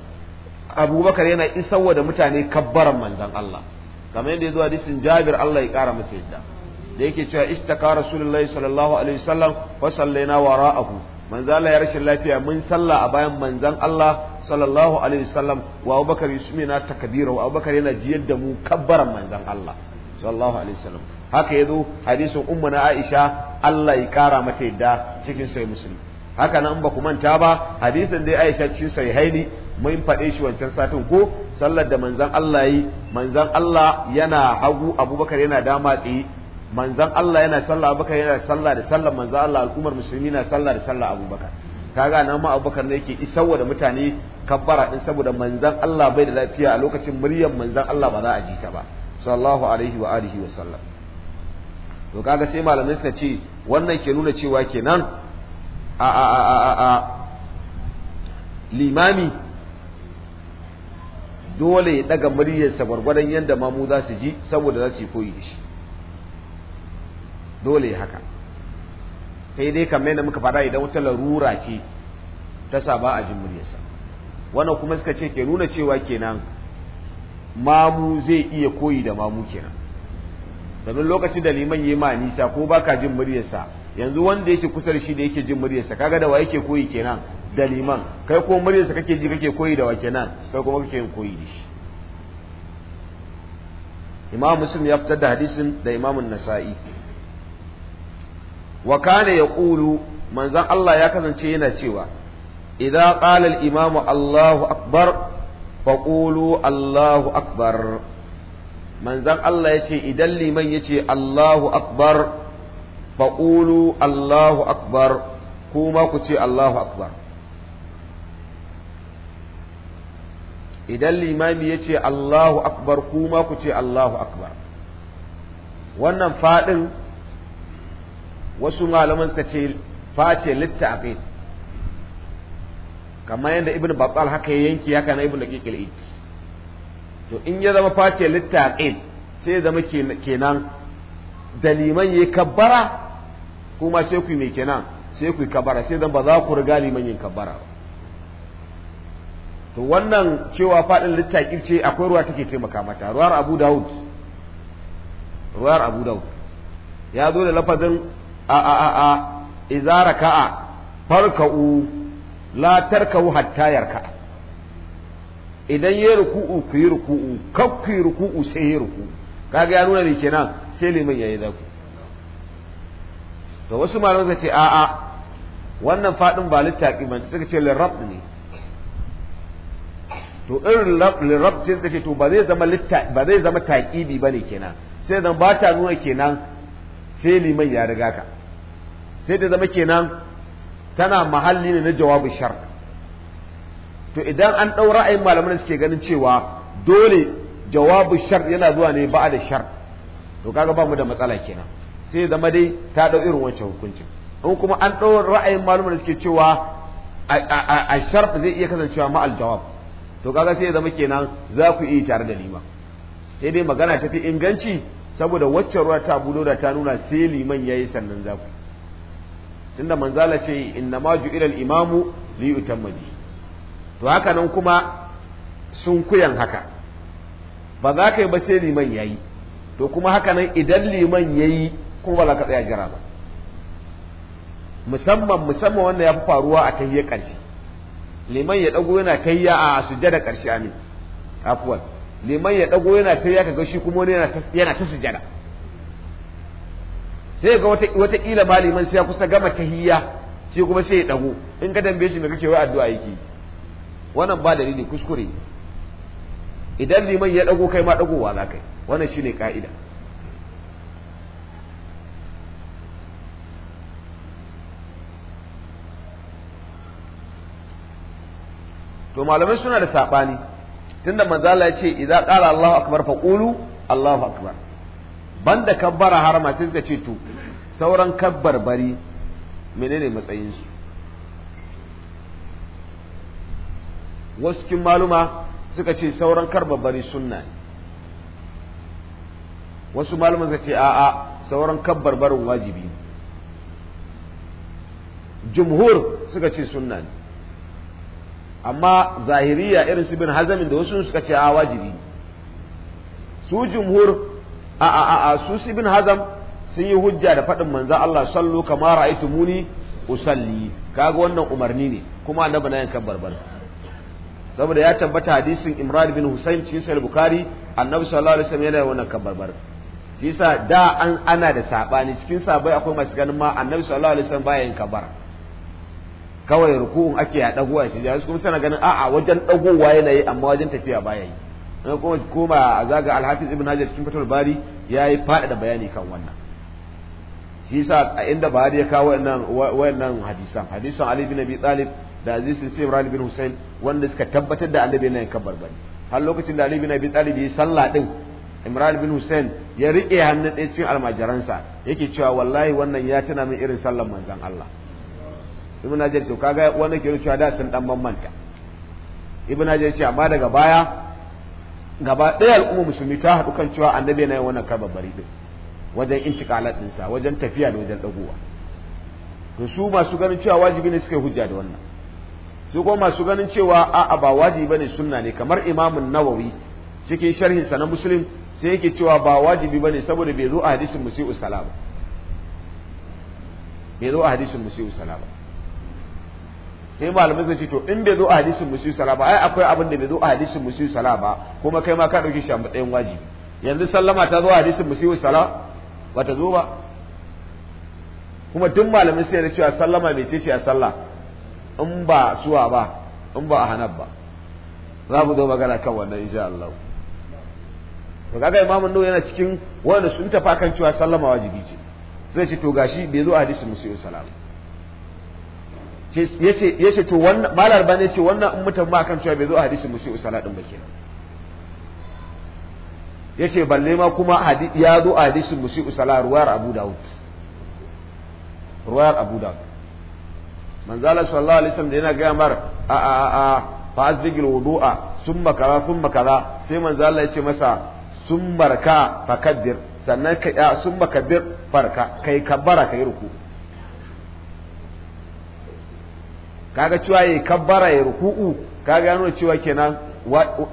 abubakar yana isarwa da mutane kabbaran manzan Allah kamar yadda ya zuwa hadisin Jabir Allah ya kara masa yadda da yake cewa ishtaka rasulullahi sallallahu alaihi wasallam fa sallaina wara'ahu manzo Allah ya rashin lafiya mun salla a bayan manzon Allah sallallahu alaihi wasallam wa Abubakar yusmina takbira wa Abubakar yana jiyar da mu kabbaran manzon Allah sallallahu alaihi wasallam haka yazo hadisin ummu na Aisha Allah ya kara mata yadda cikin sai musulmi haka nan ba ku manta ba hadisin da Aisha cikin haini mun faɗe shi wancan satin ko sallar da manzon Allah yi manzon Allah yana hagu Abubakar yana dama tsaye manzan Allah yana sallah abubakar yana sallah da sallah manzan Allah al'ummar musulmi na sallah da sallah abubakar kaga nan ma abubakar ne yake isarwa da mutane kabbara din saboda manzan Allah bai da lafiya a lokacin muryar manzan Allah ba za a ji ta ba sallallahu alaihi wa alihi wa sallam to kaga sai malamai suka ce wannan ke nuna cewa kenan a a a a a limami dole ya daga muryarsa gwargwadon yadda mamu za su ji saboda za su yi koyi da shi dole haka sai dai kamar yadda muka fara idan wata larura ce ta saba a jin muryarsa wannan kuma suka ce ke nuna cewa kenan mamu zai iya koyi da mamu kenan domin lokacin da liman ya ma nisa ko baka jin muryarsa yanzu wanda yake kusa da shi da yake jin muryarsa kaga da wa yake koyi kenan da liman kai ko muryarsa kake ji kake koyi da wa kenan kai kuma kake yin koyi da shi imam muslim ya fitar da hadisin da imamun nasa'i wa kana yaqulu manzon Allah ya kasance yana cewa idza qala al imamu Allahu akbar fa qulu Allahu akbar manzon Allah yace idan liman yace Allahu akbar fa qulu Allahu akbar kuma ku ce Allahu akbar idan limami yace Allahu akbar kuma ku ce Allahu akbar wannan fadin wasu malaman suka ce face littafin kamar yadda ibn battal haka ya yanki haka na ibn daqiq al to in ya zama face littafin sai zama kenan da liman kabbara kuma sai ku mai kenan sai ku kabbara sai zama ba za ku riga liman yin kabbara ba to wannan cewa fadin littafin ce akwai ruwa take taimaka mata ruwar abu daud ruwar abu daud ya zo da lafazin a a a a idza raka'a farka'u la tarka'u hatta yarka idan yi ruku'u ku yi ruku'u kar ku yi ruku'u sai yi ruku'u kaga ya nuna ne kenan sai liman yayi zaku to wasu malamai suka ce a a wannan fadin ba littafi ba suka ce lirab ne to irin lirab sai suka ce to ba zai zama littafi ba zai zama taqibi bane kenan sai dan ba ta nuna kenan sai liman ya riga ka sai ta zama kenan tana mahalli ne na jawabin shar to idan an ɗau ra'ayin malaman da suke ganin cewa dole jawabin shar yana zuwa ne ba da shar to kaga ba mu da matsala kenan sai zama dai ta ɗau irin wancan hukuncin in kuma an ɗau ra'ayin malaman da suke cewa a shar zai iya kasancewa ma'al jawab to kaga sai zama kenan za ku iya tare da liman sai dai magana ta fi inganci saboda waccan ruwa ta bulo da ta nuna sai liman ya yi sannan za ku tunda manzala ce inna ma ju'ila al-imamu li yutamma to haka nan kuma sun kuyan haka ba za ka yi ba sai liman yayi to kuma haka nan idan liman yayi kuma ba za ka tsaya jira ba musamman musamman wanda ya fi faruwa a tahiyyar ƙarshe liman ya dago yana ya a sujjada ƙarshe amin afwan liman ya dago yana tayya kaga shi kuma wani yana ta sujjada sai ga wata wataƙila maliman sai ya kusa gama tahiyya sai kuma sai ya dago in ka tambaye shi me kake wai addu'a yake wannan ba dalili kuskure idan liman ya dago kai ma dagowa za kai wannan shine ka'ida to malamai suna da sabani tunda Manzala ya ce idza qala Allahu akbar faƙulu, Allahu akbar banda kabbara harama sai suka ce to sauran kabbar bari menene matsayinsu wasu kin maluma suka ce sauran karbar bari sunna ne wasu maluma suka ce a'a sauran kabbar barin wajibi ne jumhur suka ce sunna ne amma zahiriya irin su bin hazamin da wasu suka ce a wajibi su jumhur a a a su ibn hazam sun yi hujja da faɗin manzo Allah sallu kama muni usalli kaga wannan umarni ne kuma annabi na yankan barbar saboda ya tabbata hadisin Imran bin Husayn cikin sahih Bukhari annabi sallallahu alaihi wasallam yana wannan kan barbar shi da an ana da sabani cikin sabai akwai masu ganin ma annabi sallallahu alaihi wasallam baya yin kabar kawai ruku'un ake ya dagowa shi da kuma suna ganin a'a wajen dagowa yana yi amma wajen tafiya baya yi sai kuma koma a zaga alhafiz ibn hajar cikin fatul bari ya yi faɗaɗa bayani kan wannan shi sa a inda da ya kawo wannan hadisan hadisan ali bin abi talib da aziz sai imran bin hussein wanda suka tabbatar da annabi yana yankan barbari har lokacin da ali bin abi talib yi sallah din imran bin hussein ya riƙe hannun ɗaya cikin almajiransa yake cewa wallahi wannan ya tuna min irin sallan manzon allah ibn hajar to kaga wannan ke cewa da sun dan bambanta ibn hajar ce amma daga baya gaba ɗaya al'umma musulmi ta haɗu kan cewa annabi yana yin wannan kababari din wajen intikalat ɗinsa wajen tafiya da wajen ɗagowa to su masu ganin cewa wajibi ne suke hujja da wannan su kuma masu ganin cewa a'a ba wajibi bane sunna ne kamar imamun nawawi cikin sharhin sa na muslim sai yake cewa ba wajibi bane saboda bai zo a hadisin musi'u salama bai zo a hadisin musi'u salama sai malamai zai ce to in bai zo a hadisin musu sala ba ai akwai abin da bai zo a hadisin musu sala ba kuma kai ma ka dauki shi a matsayin wajibi yanzu sallama ta zo a hadisin musu sala ba ta zo ba kuma duk malamai sai da cewa sallama mai ce a sallah in ba suwa ba in ba a hanab ba za mu zo magana kan wannan insha Allah to kaga imamu nawawi yana cikin wanda sun tafa kan cewa sallama wajibi ce sai ce to gashi bai zo a hadisin musu sala ba yace to wannan malar ba ne ce wannan in mutum ba kan cewa bai zo a hadisin musi saladin ba kenan yace balle ma kuma ya zo a hadisin musi usala ruwayar abu daud ruwayar abu daud manzala sallallahu alaihi wasallam da yana ga mar a a a fa azdigil wudu'a summa kaza summa kaza sai manzala ya ce masa summarka fakabbir sannan ka summa kabbir farka kai kabbara kai ruku' kaga cewa ya kabbara ya ruku'u kaga gano da cewa kenan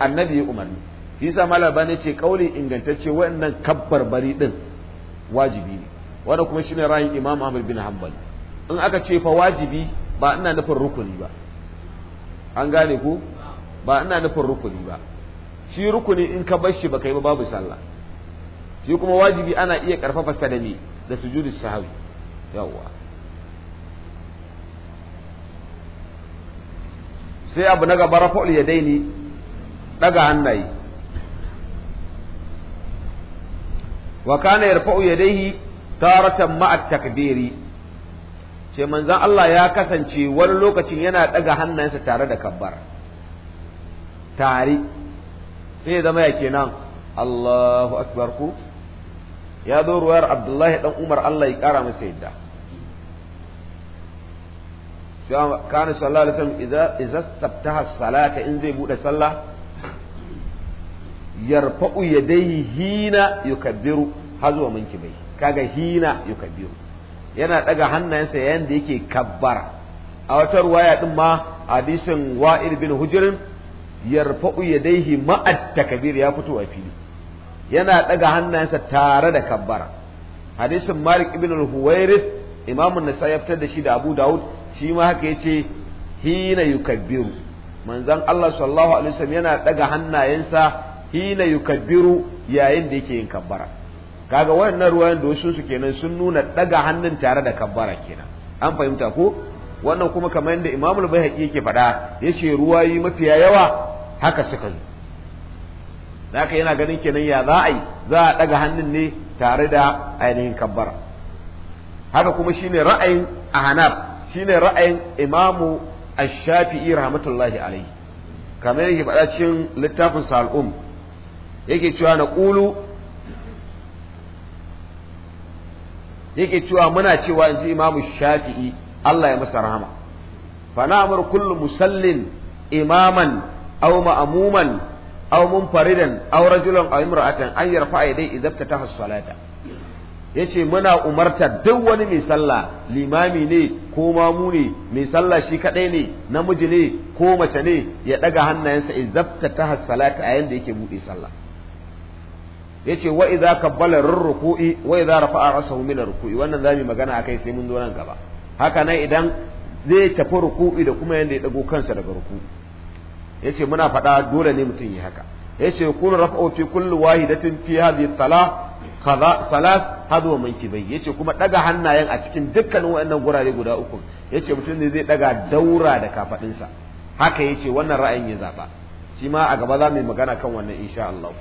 annabi ya umarni shi yasa malaba ne ce kauli ingantacce wannan kabbar bari din wajibi ne wanda kuma shine ra'ayin imam ahmad bin hanbal in aka ce fa wajibi ba ina nufin rukuni ba an gane ku ba ina nufin rukuni ba shi rukuni in ka bar shi baka yi ba babu sallah shi kuma wajibi ana iya karfafa sadani da sujudi sahawi yawwa sai abu na gaba rafa'ul daini daga hannaye wa kana yarfa'u yadaihi taratan ma'a takbiri ce manzon Allah ya kasance wani lokacin yana daga hannayensa tare da kabbar tare sai zama ya kenan Allahu akbar ku ya zo ruwayar Abdullahi dan Umar Allah ya kara masa yadda kana sallallahu in zai bude sallah yarfa'u yadayhi hina yukabbiru yana daga hannayensa yayin da yake kabbar a wata ruwaya din ma hadisin wa'il bin hujrin yarfa'u yadayhi ma'at takbir ya fito a fili yana daga hannayensa tare da kabbara hadisin malik ibn al-huwairith imamun nasa ya fitar da shi da abu daud shi ma haka ya ce hina yukabbiru Manzan Allah sallallahu alaihi wasallam yana daga hannayensa hina yukabbiru yayin da yake yin kabbara kaga wannan ruwayan da wasu su kenan sun nuna daga hannun tare da kabbara kenan an fahimta ko wannan kuma kamar yadda Imam al-Baihaqi yake faɗa yace ruwayi mafiya yawa haka suka zo haka yana ganin kenan ya za a yi za a daga hannun ne tare da ainihin kabbara haka kuma shine ra'ayin ahnaf shine ra'ayin imamu ash-shafi'i rahmatullahi alaihi kamar yake faɗa cikin littafin sal'um yake cewa na ƙulu yake cewa muna cewa inji imamu shafi'i Allah ya masa rahama fa na'mur kullu musallin imaman aw ma'muman aw munfaridan aw rajulan aw imra'atan an yarfa'a yadayhi idza ta yace muna umartar duk wani mai sallah limami ne ko mamu ne mai sallah shi kaɗai ne namiji ne ko mace ne ya ɗaga hannayensa zafta ta salata a yanda yake buɗe sallah yace wa idza kabbala ruku'i wa idza rafa'a ra'sahu min ruku'i wannan zamu magana kai sai mun zo nan gaba haka nan idan zai tafi ruku'i da kuma yanda ya dago kansa daga ruku'i yace muna faɗa dole ne mutum yi haka yace kun rafa'u fi kulli wahidatin fi hadhihi salah salas hadu wa mankibai yace kuma daga hannayen a cikin dukkanin waɗannan gurare guda uku yace mutum ne zai daga daura da kafadinsa haka yace wannan ra'ayin ya zaba shi ma a gaba za mu yi magana kan wannan insha Allah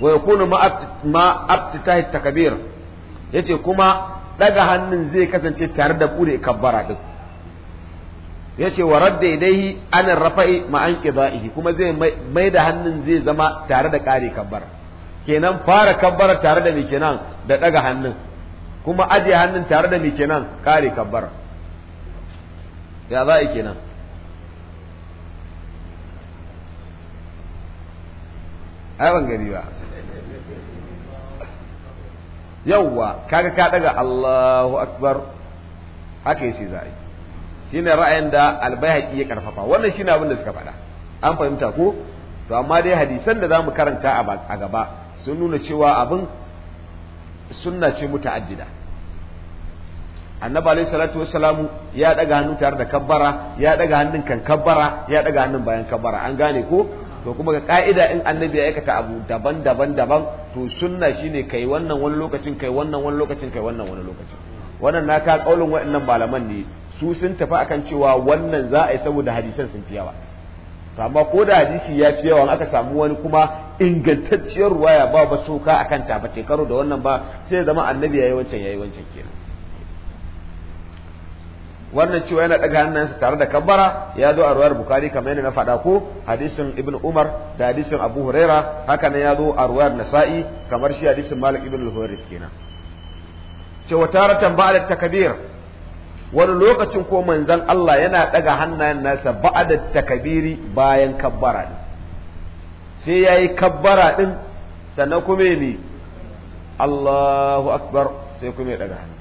wa yakunu ma abtitahi takbir yace kuma daga hannun zai kasance tare da kure kabbara din yace wa radda idaihi anan rafa'i ma an kuma zai mai da hannun zai zama tare da kare kabbara kenan fara kabbara tare da mai kenan da daga hannun kuma aje hannun tare da mai kenan kare kabbara ya za a kenan ai ban gari ba yawwa kaga ka daga Allahu akbar haka yace za a yi shine ra'ayin da albayhaqi ya karfafa wannan shine abin da suka faɗa an fahimta ko to amma dai hadisan da zamu karanta a gaba sun nuna cewa abin sunna ce muta'addida annabi alaihi salatu wassalamu ya daga hannu tare da kabbara ya daga hannun kan kabbara ya daga hannun bayan kabbara an gane ko to kuma ga ka'ida in annabi ya aikata abu daban daban daban to sunna shine kai wannan wani lokacin kai wannan wani lokacin kai wannan wani lokacin wannan na ka kaulin wa'annan malaman ne su sun tafi akan cewa wannan za a yi saboda hadisan sun fi yawa to amma ko da hadisi ya ci yawan aka samu wani kuma ingantacciyar ruwaya ba ba soka akan ta ba karo da wannan ba sai zama annabi yayi wancan yayi wancan kenan wannan cewa yana daga hannunsa tare da kabbara ya zo a ruwayar bukari kamar yadda na faɗa ko hadisin ibn umar da hadisin abu huraira hakanan ne ya zo a ruwayar nasa'i kamar shi hadisin malik ibn al-huwairith kenan cewa taratan ba'da takbir wani lokacin ko manzon Allah yana daga hannayen nasa ba'da takabiri bayan kabbara din sai yayi kabbara din sannan kuma ne Allahu akbar sai kuma ya daga hannu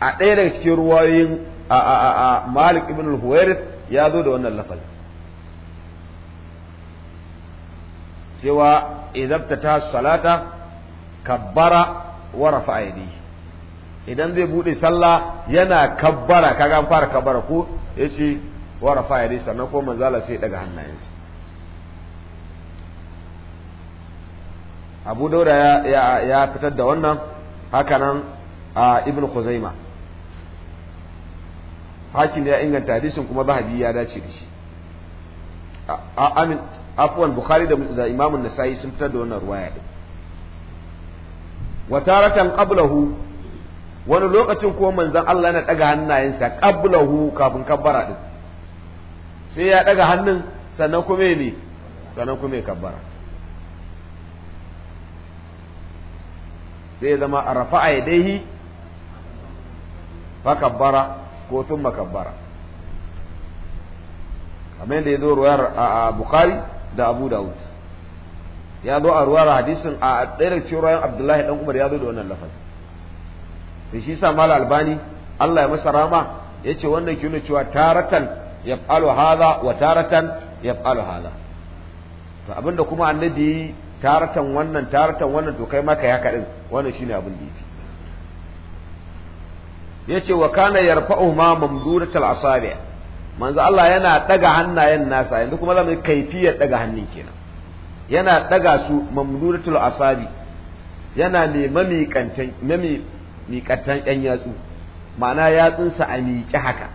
a ɗaya daga cikin ruwayoyin a a a Malik ibn al-Huwairith ya zo da wannan lafazin cewa idan ta salata kabbara wa rafa'a yadihi idan zai bude sallah yana kabbara kaga an fara kabbara ko yace wa rafa yadi sannan ko Allah sai daga hannayensa Abu Dawud ya, ya, fitar da wannan hakanan a Ibn Khuzaimah hakim ya inganta hadisin kuma zahabi ya dace da shi A amin afwan Bukhari da Imam Nasa'i sun fitar da wannan ruwaya din wa taratan qablahu wani lokacin kuma manzon Allah yana daga hannayensa qablahu kafin kabbara din sai ya daga hannun sannan kuma ne sannan kuma ya kabbara sai zama a rafa'a yadaihi fa kabbara ko ma kabbara kamar da ya zo ruwayar a Bukhari da Abu daud ya zo a ruwar hadisin a ɗaya daga cikin Abdullahi dan Umar ya zo da wannan lafazin da shi sa mal albani Allah ya masa rama yace wannan ki nuna cewa taratan yaf'alu hadha wa taratan yaf'alu hadha to abinda kuma annabi taratan wannan taratan wannan to kai maka ya kadin wannan shine abin da yake yace wa kana yarfa'u ma mamdudat asabi manzo Allah yana daga hannayen nasa yanzu kuma zamu kaifiyar daga hannun kenan yana daga su mamdudatul asabi yana ne mamiƙantan miƙattan ɗan yatsu ma'ana yatsunsa a miƙe haka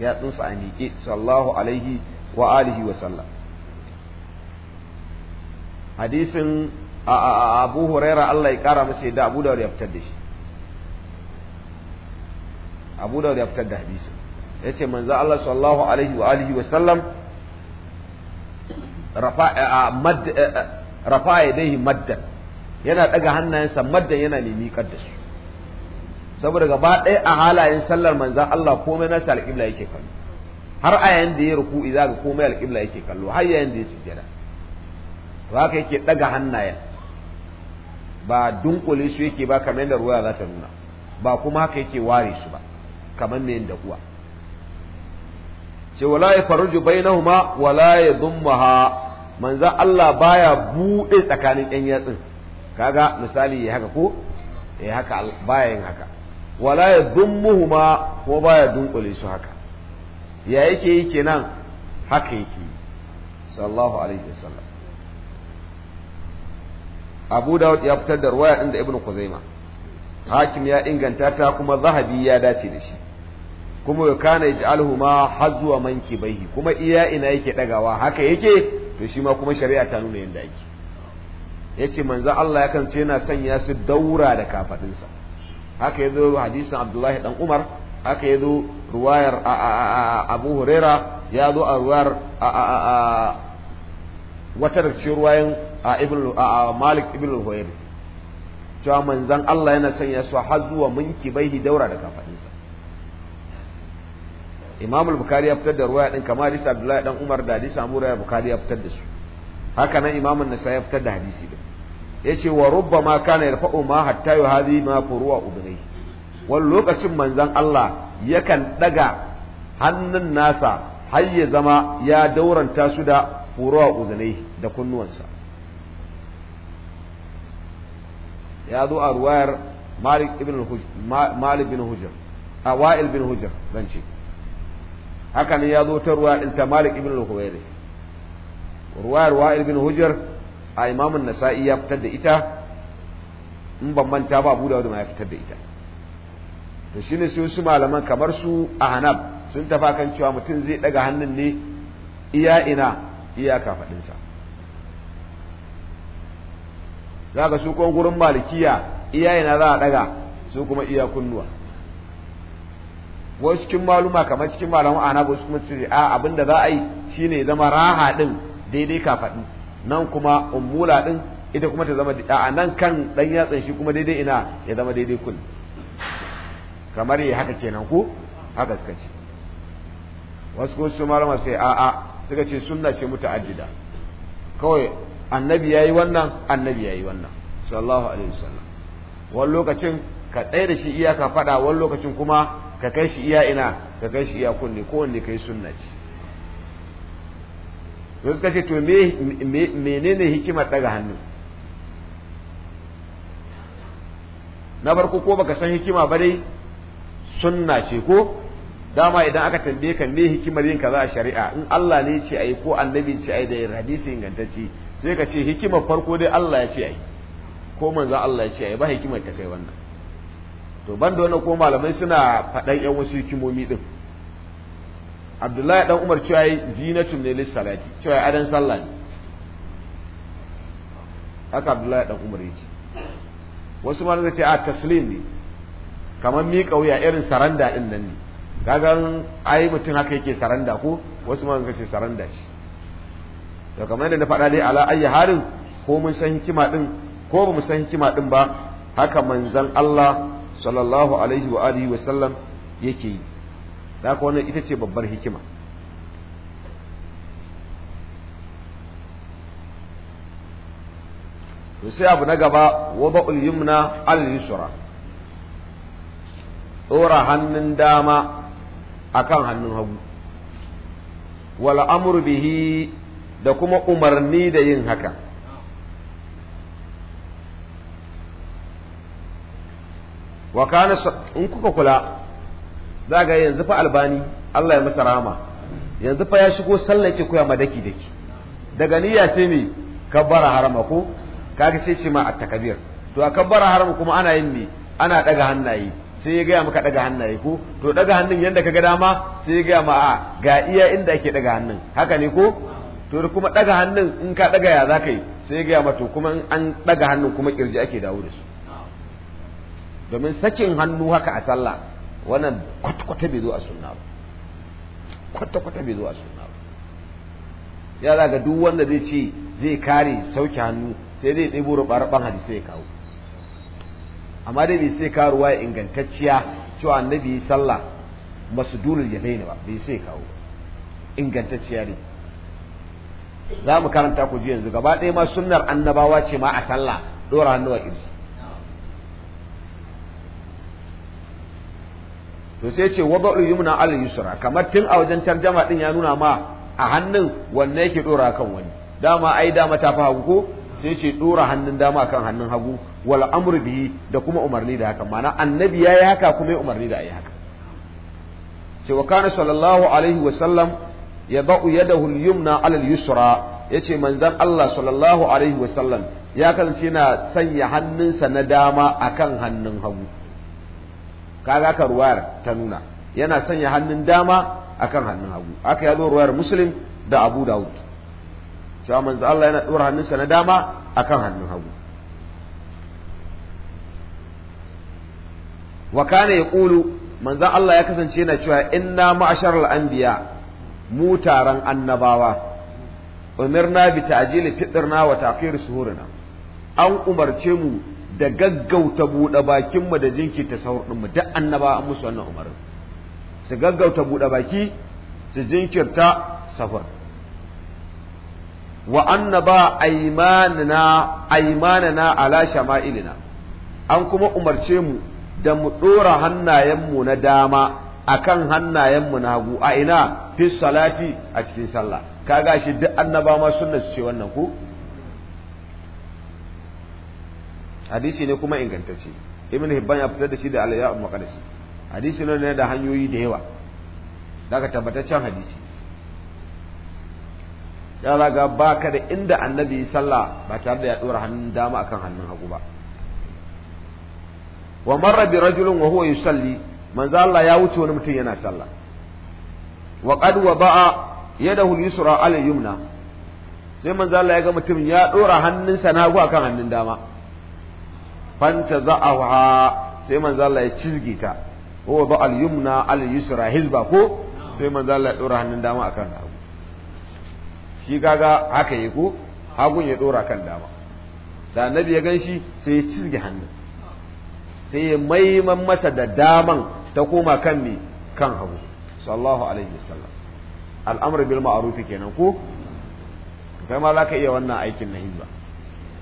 yatsunsa a miƙe sallahu alaihi wa alihi wa sallam hadisin abu huraira Allah ya ƙara masa yadda abu dawar ya fitar da shi abu dawar ya fitar da hadisin ya ce manzo Allah sallahu alaihi wa alihi wa sallam rafa yi yadayhi maddan yana ɗaga hannayensa madda yana nemi da su saboda gaba ɗaya a halayen sallar manzan Allah komai na alƙibla yake kallo har a yayin da ya ruku za ga komai alƙibla yake kallo har yayin da ya sujjada to haka yake ɗaga hannayen ba dunkule su yake ba kamar yadda ruwa za ta nuna ba kuma haka yake ware su ba kamar mai yadda uwa ce wala ya faruju bainahuma wala ya dhummaha manzan Allah baya buɗe tsakanin ƴan yatsun kaga misali ya haka ko ya haka bayan haka wala ya dummuhuma ko baya dunkule su haka ya yake yi kenan haka yake sallallahu alaihi wasallam Abu Dawud ya fitar da ruwaya inda Ibnu Kuzaima hakim ya inganta ta kuma zahabi ya dace da shi kuma ya kana yaj'aluhuma hazwa mankibaihi kuma iya ina yake dagawa haka yake to shi ma kuma shari'a ta nuna yanda yake ya ce manzo Allah ya kance yana sanya su daura da kafadinsa haka ya zo hadisin abdullahi dan umar haka ya zo ruwayar abu huraira ya zo a ruwayar wata rikici ruwayan malik ibn al-huwairi cewa manzan Allah yana sanya su har zuwa minki bai daura da kafadinsa imam al-bukhari ya fitar da ruwaya din kamar hadisi abdullahi dan umar da hadisi abu hurairah bukhari ya fitar da su haka nan imamun nasa ya fitar da hadisi din ce wa ma kana yarfa'u ma hatta yuhadi ma furuwa ubnai wani lokacin manzon Allah yakan daga hannun nasa har ya zama ya dauranta su da furuwa udunai da kunnuwansa ya zo a ruwayar Malik ibn Malik bin Hujr a Wa'il bin Hujr zan ce haka ne ya zo ta ruwa ta Malik ibn al-Huwairi ruwayar wa'il bin hujjar a imamun nasa'i ya fitar da ita in ban manta ba abu dawud ma ya fitar da ita to shine sun su malaman kamar su a hanab sun tafa kan cewa mutum zai daga hannun ne iya ina iya kafadinsa za ka su kuma gurin malikiya iya ina za a daga su kuma iya kunnuwa wasu cikin maluma kamar cikin malaman a hanab wasu kuma su a abinda za a yi shine zama raha din daidai kafaɗi nan kuma ummula ɗin ita kuma ta zama a nan kan ɗan yatsan shi kuma daidai ina ya zama daidai kul kamar yi haka kenan ko haka suka ce wasu ko su malama sai a'a suka ce sunna ce muta'addida kawai annabi yayi wannan annabi yayi wannan sallallahu alaihi wasallam wani lokacin ka ɗaya da shi iya ka faɗa wani lokacin kuma ka kai shi iya ina ka kai shi iya kunne kowanne kai sunna ce to suka ce to menene hikimar daga hannu na farko ko baka san hikima ba dai sunna ce ko dama idan aka tambaye ka me hikimar yin kaza a shari'a in Allah ne ce ai ko annabi ce ai da hadisi ingantacce sai ka ce hikimar farko dai Allah ya ce ai ko manzo Allah ya ce ai ba hikimar ta kai wannan to ban wannan ko malamai suna faɗan yan wasu hikimomi din abdullahi dan umar cewa yi zinatun ne lissalati cewa adan sallah ne haka abdullahi dan umar yake wasu ma malamai ce a taslim ne kamar miƙa wuya irin saranda din nan ne kaga ai mutum haka yake saranda ko wasu ma malamai ce saranda ce to kamar yadda na faɗa dai ala ayyi halin ko mun san hikima din ko ba mu san hikima din ba haka manzon Allah sallallahu alaihi wa alihi wa sallam yake yi da haka wannan ita ce babbar hikima to sai abu na gaba ba'ul yumna al yusra tsora hannun dama akan hannun hagu wal amru bihi da kuma umarni da yin haka wa kana in kuka kula za ga yanzu fa albani Allah ya masa rama yanzu fa ya shigo sallah yake koya ma daki daki daga niyya ce ne kabbara harama ko kaga sai ce ma at-takbir to a kabbara harama kuma ana yin ne ana daga hannaye sai ya gaya maka daga hannaye ko to daga hannun yanda kaga dama sai ya gaya ma a ga iya inda ake daga hannun haka ne ko to kuma daga hannun in ka daga ya zaka yi sai ya gaya ma to kuma an daga hannun kuma kirji ake dawo da su domin sakin hannu haka a sallah wannan kwata-kwata bai zo a suna ba kwata-kwata bai zo a suna ba ya za ga duk wanda zai ce zai kare sauke hannu sai zai ɗebo ruɓa-ruɓan hadisai ya kawo amma dai bai sai kawo ruwa ingantacciya cewa annabi yi sallah ya daina ba bai sai kawo ingantacciya ne za mu karanta ku ji yanzu gaba ɗaya ma sunnar annabawa ce ma a sallah ɗora hannu a ƙirji to sai ce wada'ul yumna al yusra kamar tun a wajen tarjama din ya nuna ma a hannun wanne yake dora kan wani dama ai dama ta fi hagu ko sai ce dora hannun dama kan hannun hagu wal amru bihi da kuma umarni da haka ma'ana annabi yayi haka kuma ya umarni da ayi haka ce wa kana sallallahu alaihi wa sallam yada'u yadahu al yumna al yusra ya ce manzan Allah sallallahu Alaihi sallam ya kasance yana sanya hannunsa na dama akan hannun hagu kaga ka ruwayar ta nuna yana sanya hannun dama akan hannun hagu aka yazo ruwayar muslim da abu daud cewa manzo Allah yana dora hannunsa na dama akan hannun hagu wa kana yaqulu manzo Allah ya kasance yana cewa inna ma'asharal anbiya mu annabawa umirna bi ta'jili fitrna wa ta'khir suhurina an umarce mu da gaggauta buɗe bakinmu da jinkirta sahur ɗinmu duk annaba an musu wannan umarin su gaggauta buɗe baki su jinkirta sahur wa annaba aimanana aimanana ala shama'ilina an kuma umarce mu da mu ɗora hannayenmu na dama akan hannayenmu na hagu a ina fi salati a cikin sallah kaga shi duk annaba ma sunna su ce wannan ko hadisi ne kuma ingantacce ibn hibban ya fitar da shi da al-ya al-maqdisi hadisi ne da hanyoyi da yawa daga tabbataccen hadisi ya zaga ba ka da inda annabi sallah ba tare da ya dora hannun dama akan hannun hagu ba wa marra bi rajulin wa huwa yusalli manzo Allah ya wuce wani mutum yana sallah wa qad wada'a yadahu al-yusra ala yumna sai manzo Allah ya ga mutum ya dora hannunsa na hagu akan hannun dama fanta za a wa sai manzo Allah ya cizge ta huwa ba al-yumna al-yusra hizba ko sai manzo Allah ya dora hannun dama akan hagu shi kaga haka yi ko hagun ya dora kan dama da annabi ya ganshi sai ya cizge hannun sai ya maiman masa da daman ta koma kan me kan hagu sallallahu alaihi wasallam al-amr bil ma'ruf kenan ko kai ma zaka iya wannan aikin na hizba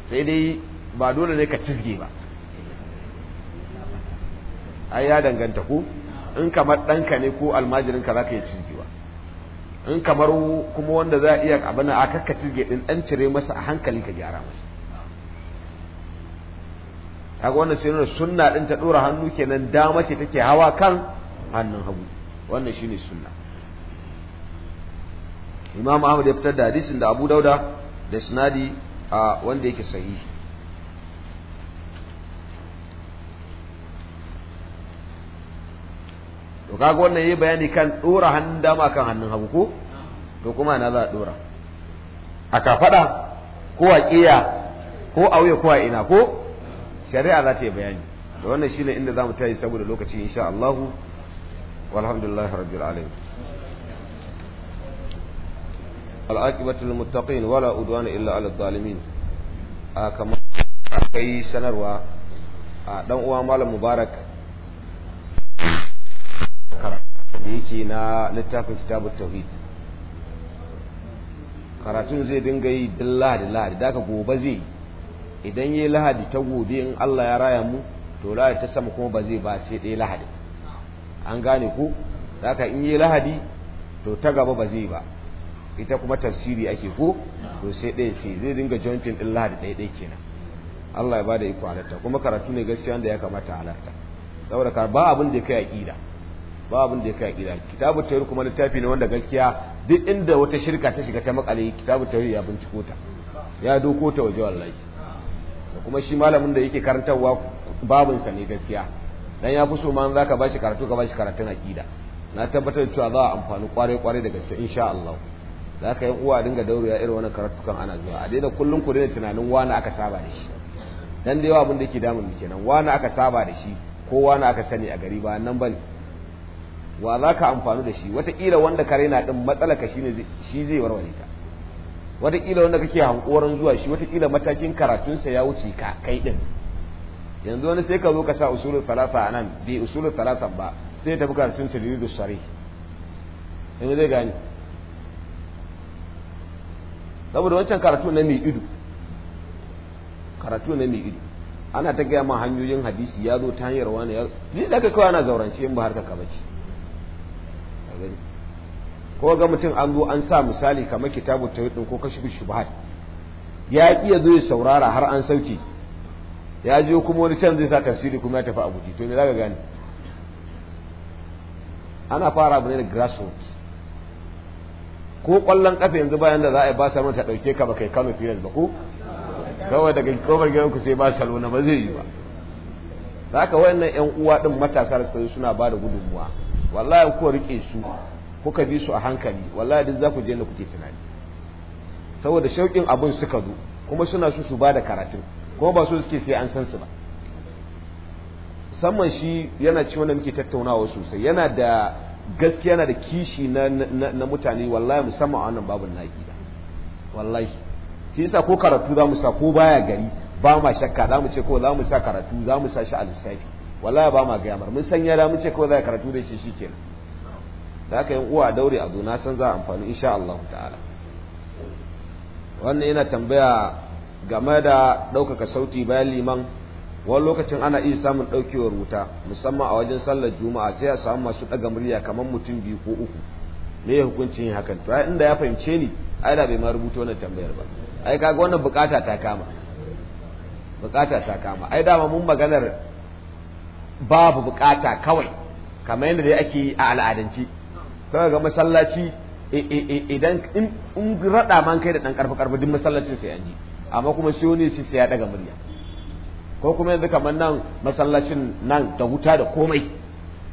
sai dai ba dole ne ka cizge ba ai ya danganta ku? in kamar ɗanka ne ko almajirinka za ka yi cizgewa in kamar kuma wanda za a iya abin a kakka cizge ɗin ɗan cire masa a hankali ka gyara masa kaga wannan sai sunna ɗin ta ɗora hannu kenan dama ce take hawa kan hannun hagu wannan shine sunna imam ahmad ya fitar da hadisin da abu dauda da sinadi a wanda yake sahihi kaga wannan yayi bayani kan dora hannun dama kan hannun hagu ko to kuma na za a dora a kafada ko a kiya ko a wuya ko a ina ko shari'a za ta yi bayani to wannan shine inda zamu tayi saboda lokaci insha Allah walhamdulillahi rabbil alamin wala للمتقين illa أدوان إلا kamar الظالمين sanarwa a dan uwa malam mubarak. da yake na littafin kitab tauhid karatun zai dinga yi din lahadi lahadi da gobe zai idan yi lahadi ta gobe in Allah ya raya mu to lahadi ta sama kuma ba zai ba sai ɗaya lahadi an gane ku da in yi lahadi to ta gaba ba zai ba ita kuma tafsiri ake ko to sai ɗaya sai zai dinga jumping din lahadi ɗaya ɗaya kenan Allah ya bada iko halarta kuma karatu ne gaskiya da ya kamata halarta saboda ba abin da kai aqida ba da ya kai kitabu ta tauhid kuma littafi ne wanda gaskiya duk inda wata shirka ta shiga ta makale ta tauhid ya binciko ta ya doko ta waje wallahi da kuma shi malamin da yake karantarwa babinsa ne gaskiya dan ya fi so ma zaka bashi karatu ka bashi karatun aqida na tabbatar cewa za a amfani kwarai kwarai da gaske insha Allah zaka ka yi uwa dinga ya irin wannan karatukan ana zuwa a daina kullun ku daina tunanin wani aka saba da shi dan da yawa abin da yake damun mu kenan wani aka saba da shi ko na aka sani a gari ba nan bane wa za ka amfani da shi wataƙila wanda kare na ɗin matsalaka shi shi zai warware ta wataƙila wanda kake hankoron zuwa shi wataƙila matakin karatunsa ya wuce ka kai ɗin yanzu wani sai ka zo ka sa usulun talata a nan bai usulun talata ba sai tafi karatun da sare yanzu zai gane saboda wancan karatu na mai ido karatu na mai ido ana ta gaya ma hanyoyin hadisi ya zo ta hanyar wani ya zai daga kawai ana zaurance in ba harka ka bace ko ga mutum an zo an sa misali kamar kitabu hudu ko bishu ba ya iya zo ya saurara har an sauke ya je kuma wani can zai sa tasiri kuma ya tafi a guji to za ka gane ana fara abu ne da grassroots ko kwallon kafa yanzu bayan da za a yi ba samun ta dauke ka ba kai Kano filin ba ko kawai daga kofar gidan ku sai ba salo na ba zai yi ba za zaka wayannan yan uwa din matasa da suka suna ba da gudunmuwa wallahi ku rike su kuka bi su a hankali wallahi duk za ku je na kuke tunani saboda shauƙin abun suka zo kuma suna so su bada karatu kuma ba so suke sai an san su ba musamman shi yana ci wanda muke tattaunawa sosai yana da gaskiya yana da kishi na, na, mutane wallahi musamman a wannan babin na gida wallahi shi yasa ko karatu za mu sa ko baya gari ba ma shakka za mu ce ko za mu sa karatu za mu sa shi a lissafi wallahi ba ma gaya mar mun san yara mun ce kawai za karatu da shi shikenan da aka yin uwa daure a zo na san za a amfani insha Allah ta'ala wannan yana tambaya game da ɗaukaka sauti bayan liman wani lokacin ana iya samun ɗaukewar wuta musamman a wajen sallar juma'a sai a samu masu ɗaga murya kamar mutum biyu ko uku me ya hukuncin yin hakan to ai inda ya fahimce ni ai da bai ma rubuta wannan tambayar ba ai kaga wannan bukata ta kama bukata ta kama ai dama mun maganar babu bukata kawai kamar yadda dai ake yi a al'adance kawai ga masallaci idan in raɗa man kai da ɗan karfi karfi duk masallacin sai an ji amma kuma sai wani sai ya daga murya ko kuma yanzu kamar nan masallacin nan da wuta da komai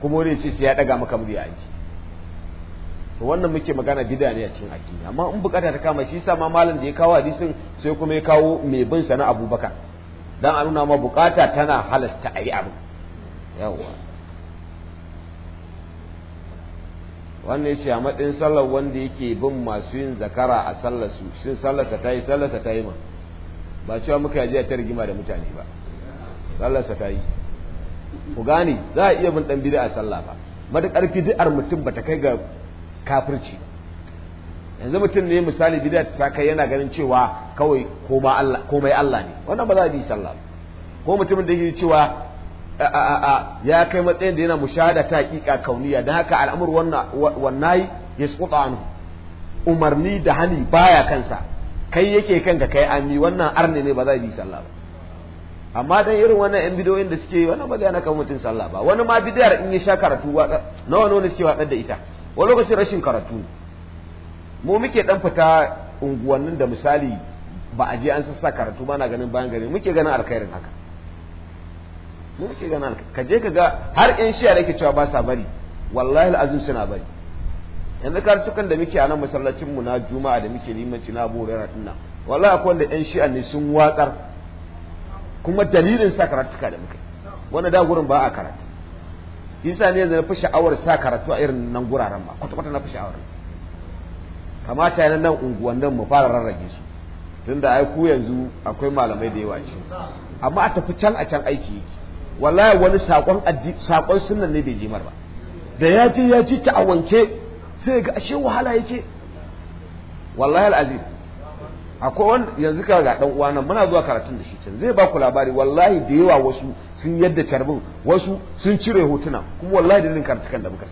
kuma wani ce sai ya daga maka murya an ji to wannan muke magana gida ne a cikin addini amma in bukata ta kama shi sa ma malam da ya kawo hadisin sai kuma ya kawo mai bin sa na Abubakar dan a nuna ma bukata tana halasta ayi abu. yawa wannan yace a matsayin sallar wanda yake bin masu yin zakara a sallar su shin sallarsa ta yi sallarsa ta yi ma ba cewa muka yaji ta rigima da mutane ba sallarsa ta yi ku gane za a iya bin dan bid'a sallah ba madakar bid'ar mutum ba ta kai ga kafirci yanzu mutum ne misali bid'a ta kai yana ganin cewa kawai komai Allah ne wannan ba za a bi sallah ko mutumin da yake cewa ya kai matsayin da yana mushahada ta hakika kauniya dan haka al'amur wannan tsuta anhu umarni da hani baya kansa kai yake kanka kai ami wannan arne ne ba za yi sallah ba amma dan irin wannan yan bidiyoyin da suke wannan ba zai kawo mutun sallah ba wani ma bidiyar in ya sha karatu na wani wani suke watsar da ita wani lokacin rashin karatu mu muke dan fita unguwannin da misali ba a je an sassa karatu ba na ganin bayan gari muke ganin alkhairin haka mu muke ka je ka ga har in shiya da cewa ba sa bari wallahi azim suna bari yanzu tukan da muke a nan masallacin mu na juma'a da muke limanci na abu rera dinnan wallahi akwai wanda yan shi'a ne sun watsar kuma dalilin sa karatuka da muke wanda da gurin ba a karatu yasa ne yanzu na fi sha'awar sa karatu a irin nan guraren ba kwata kwata na fi sha'awar kamata yana nan unguwannin mu fara rarrage su tunda ai ku yanzu akwai malamai da yawa ce amma a tafi can a can aiki yake wallahi wani sakon addi sakon sunnan ne bai ji mar ba da ya ji ya ji ta a wanke sai ga ashe wahala yake wallahi alazim akwai wani yanzu ka ga dan uwana muna zuwa karatun da shi can zai ba ku labari wallahi da yawa wasu sun yadda carbin wasu sun cire hotuna kuma wallahi da karatukan da muka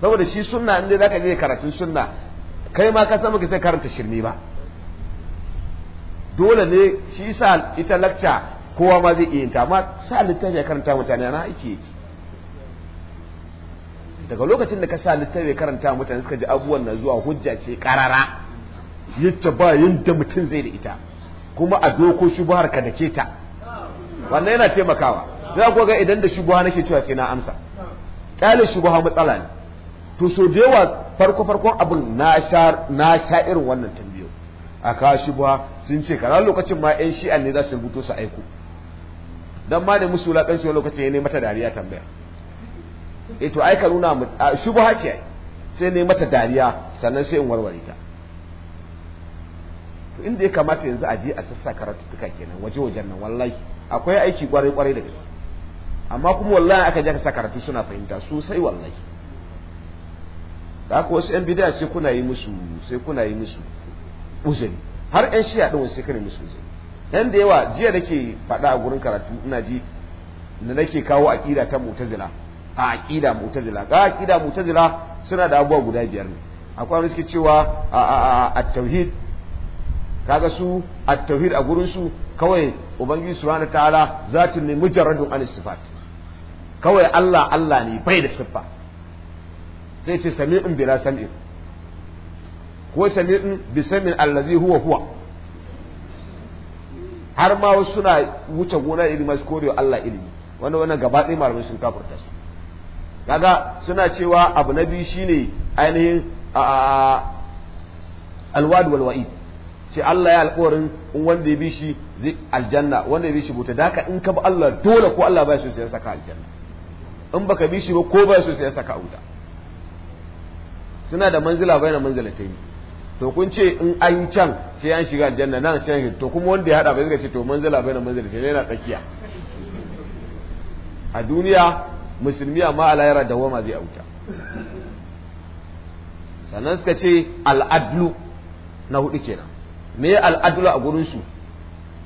saboda shi sunna inda zaka je karatun sunna kai ma ka san muka sai karanta shirme ba dole ne shi sa ita lakca kowa ma zai iya ta, amma sa littafi a karanta mutane na aiki yake daga lokacin da ka sa littafi karanta mutane suka ji abubuwan na zuwa hujja ce karara yadda ba yadda mutum zai da ita kuma a doko shubhar ka da ke ta wannan yana taimakawa za ku ga idan da na nake cewa sai na amsa kyale shubha matsala ne to so da yawa farko farkon abin na sha irin wannan tambayo a kawo shubha sun ce kaza lokacin ma yan shi'an ne za su rubuto su aiko dan ma da musu wulakanci wani lokacin ya mata dariya tambaya E to ai ka nuna mu shubha ce sai ne mata dariya sannan sai in warware ta to inda ya kamata yanzu a je a sassa karatuttuka kenan waje wajen nan wallahi akwai aiki kwarai kwarai da gaske amma kuma wallahi aka je ka sa karatu suna fahimta sosai wallahi da haka wasu yan bid'a sai kuna yi musu sai kuna yi musu uzuri har yan shiya din wasu sai yi musu uzuri dan da yawa jiya nake faɗa a gurin karatu ina ji da nake kawo aƙida ta mu'tazila a aƙida mu'tazila ga aƙida mu'tazila suna da abubuwa guda biyar ne akwai wani suke cewa a at-tauhid kaga su at-tauhid a gurin su kawai ubangiji subhanahu ta'ala zatin ne mujarradun an sifat kawai Allah Allah ne bai da siffa sai ce sami'un bila sam'in ko sami'un bi sam'in allazi huwa huwa har ma wasu suna wuce gona iri masu koriyo Allah ilimi wanda wannan gaba ɗaya malamai sun kafurta su kaga suna cewa abu na biyu shine ainihin alwad wal wa'id ce Allah ya alƙawarin in wanda ya bi shi zai aljanna wanda ya bi shi bota haka in ka bi Allah dole ko Allah ba shi sai ya saka aljanna in baka bi shi ba ko ba shi sai ya saka wuta suna da manzila bayan manzila ta yi to kun ce in an can sai an shiga aljanna nan sai an to kuma wanda ya hada bai zai ce to manzala bai na manzala ce yana tsakiya a duniya musulmi amma ala yara wama zai auta sannan suka ce al'adlu na hudu kenan me al'adlu a gurin su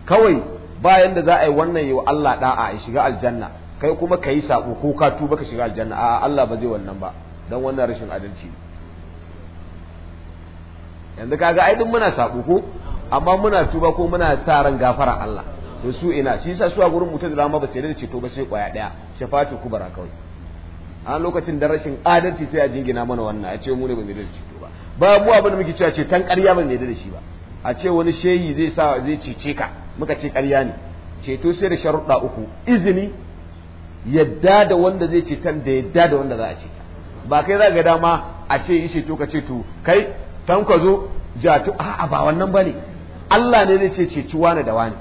kawai bayan da za a yi wannan yi wa Allah da'a a shiga aljanna kai kuma ka yi sako ko ka tuba ka shiga aljanna a Allah ba zai wannan ba dan wannan rashin adalci yanzu kaga ai duk muna sabo ko amma muna tuba ko muna sa ran gafara Allah to su ina shi yasa su a gurin mutum da ma ba sai da ceto ba sai kwaya daya shafatu kubara kawai a lokacin da rashin adalci sai a jingina mana wannan a ce mu ne ba mai da ceto ba ba mu abin da muke cewa ce tan ƙarya ba mai da shi ba a ce wani shehi zai sa zai cece ka muka ce ƙarya ne ceto sai da sharuɗa uku izini yadda da wanda zai ce tan da yadda da wanda za a ce, ba kai za ga dama a ce yi ceto ka ce to kai zo jatu a'a ba wannan ba ne. Allah ne zai ce ceci wani da wani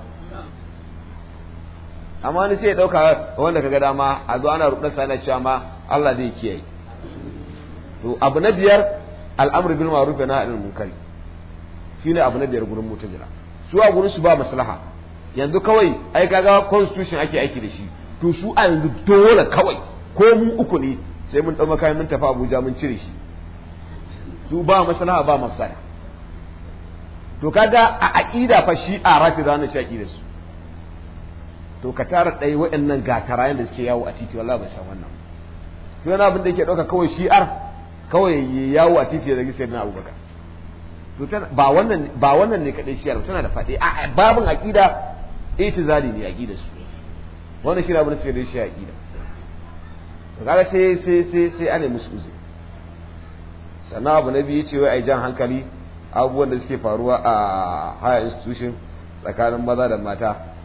amma wani sai ya dauka wanda kaga dama a zo ana rubuta sana cewa ma Allah zai kiyaye to abu na biyar al'amur bil ma'ruf wa nahyi anil munkar shine abu na biyar gurin mutajira su a gurin su ba maslaha yanzu kawai ai kaga constitution ake aiki da shi to su a yanzu dole kawai ko mu uku ne sai mun dau makamin mun tafi Abuja mun cire shi su ba maslaha ba mafsada to kaga a aqida fa shi a rafi zanu shaki da su to ka tara ɗaya waɗannan gatarayen da suke yawo a titi wallahi ba san wannan to yana abin da yake ɗauka kawai shi'ar kawai ya yawo a titi da gisa na abubakar to ba wannan ba wannan ne kadai shi'ar tana da fadi a babin aqida itizali ne aqida su wannan shi ne abin da suke da shi aqida to kaga sai sai sai sai ane musu uzuri sannan abu na biyu ce wai yi jan hankali abubuwan da suke faruwa a higher institution tsakanin maza da mata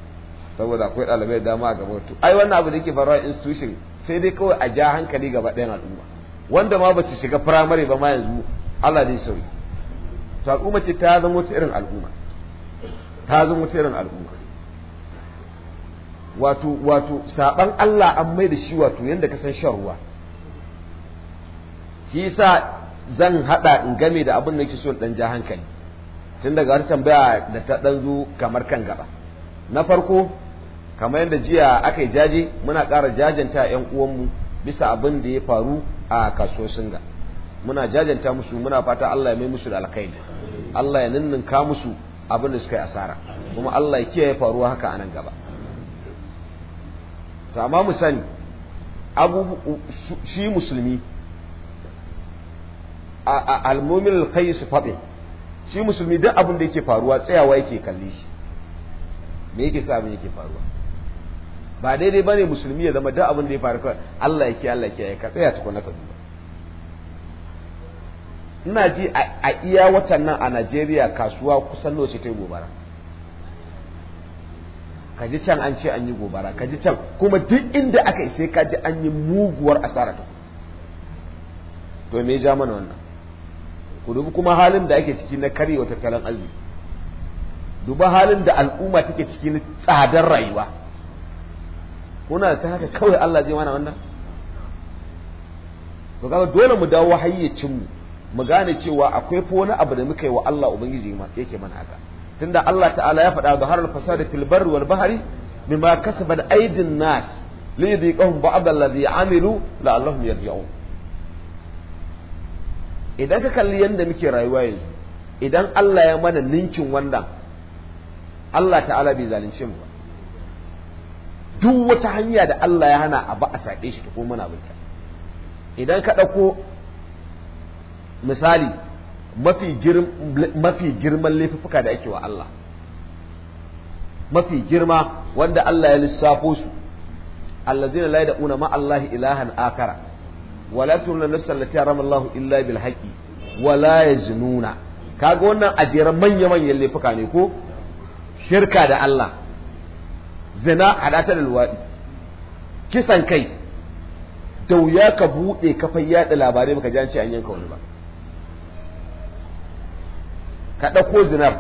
saboda akwai ɗalibai da dama a gaban to ai wannan abu da yake faruwa a institution sai dai kawai a ja hankali gaba ɗayan al'umma wanda ma ba su shiga firamare ba ma yanzu Allah zai sauyi to al'umma ce ta zama wata irin al'umma ta zama wata irin al'umma wato wato saban Allah an mai da shi wato yanda ka san shan ruwa shi yasa zan haɗa in game da abin da yake so dan ja hankali tun daga wata tambaya da ta ɗan zo kamar kan gaba na farko kamar yadda jiya aka yi jaje muna ƙara jajanta 'yan uwanmu bisa abin da ya faru a kasuwar singa muna jajanta musu muna fata Allah ya mai musu da alkhairi Allah ya ninninka musu abin da suka yi asara kuma Allah ya kiyaye faruwa haka a nan gaba to amma mu sani shi musulmi al-mu'min al-qais fadi shi musulmi duk abin da yake faruwa tsayawa yake kalli shi me yake sa abin yake faruwa ba daidai bane musulmi ya zama duk abin da ya faru Allah yake Allah yake ka tsaya tukuna ka duba ina ji a iya watan nan a Najeriya kasuwa kusan lokaci ta gobara ka ji can an ce an yi gobara ka ji can kuma duk inda aka ise ka ji an yi muguwar asara ta to me ja mana wannan ku dubi kuma halin da ake ciki na karyewa tattalin arziki duba halin da al'umma take ciki na tsadar rayuwa kuna ta haka kawai Allah zai mana wannan to kaga dole mu dawo hayyacin mu mu gane cewa akwai fa wani abu da muka yi wa Allah ubangiji yake mana haka tunda Allah ta'ala ya faɗa da harar fasadi fil barri wal bahri bima kasabat aydin nas liyadhiqahum ba'd allazi amilu la'allahum yarji'un idan ka kalli yadda muke rayuwa yanzu idan Allah ya mana ninkin wanda, Allah ta'ala bai zalunce mu ba duk wata hanya da Allah ya hana abu a saƙe shi ta ko mana abinta idan ka ɗauko misali mafi girman laifuka da ake wa Allah mafi girma wanda Allah ya lissafo su allazina la yad'una una Allah ilahan akara wala tunna nafsa allati harama Allah illa bil haqqi wala yaznuna kaga wannan ajira manya manyan laifuka ne ko shirka da Allah zina hadata da luwadi kisan kai da wuya ka buɗe kafan yaɗa labarai baka ji an ce an yanka wani ba ka ɗauko zinar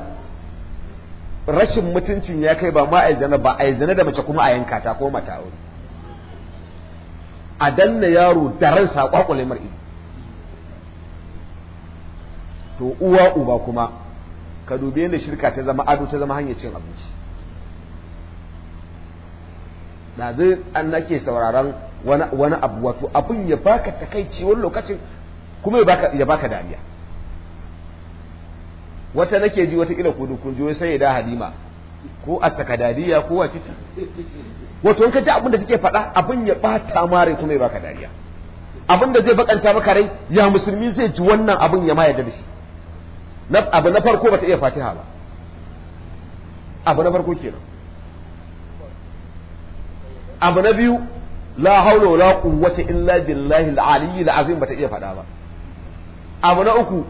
rashin mutuncin ya kai ba ma aizana ba aizana zina da mace kuma a yanka ta ko mata aure a danna yaro da ran sakwakwale mar ido to uwa uba kuma ka dubi yadda shirka ta zama ado ta zama hanyar cin abinci da zai an nake sauraron wani abu wato abin ya baka takaici wani lokacin kuma ya baka dariya wata nake ji wata kila kudu kun sai ya da halima ko a sakadariya ko wace wato in ka ji abin da take faɗa abin ya ma mare kuma ya baka dariya abin da zai bakanta maka rai ya musulmi zai ji wannan abin ya ma yarda da shi abu na farko bata iya fatiha ba abu na farko kenan abu na biyu la haula wala quwwata illa billahi al-aliyyi al-azim bata iya faɗa ba abu na uku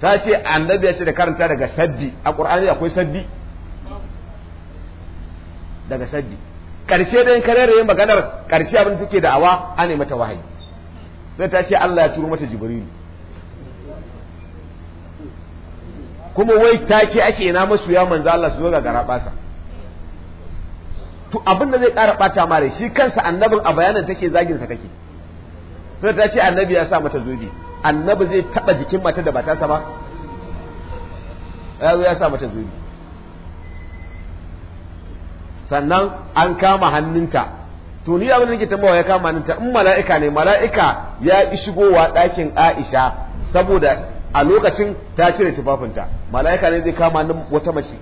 ta ce annabi ya ce da karanta daga sabbi a qur'ani akwai sabbi daga sabbi karshe da in ka rere maganar karshe abin take awa an yi mata wahayi zai ta ce Allah ya turo mata jibrilu kuma wai ta ce ake ina masu ya manzo Allah su zo ga garabasa to abin da zai ƙara ɓata mare shi kansa annabin a bayanin take zagin sa kake sai ta ce annabi ya sa mata zobe annabi zai taba jikin mata da ba ta sa ba ya zo ya sa mata zobe sannan an kama hannunta to ni abin da nake tambawa ya kama hannunta in mala'ika ne mala'ika ya ki shigowa ɗakin Aisha saboda a lokacin ta cire tufafinta mala'ika ne zai kama hannun wata mace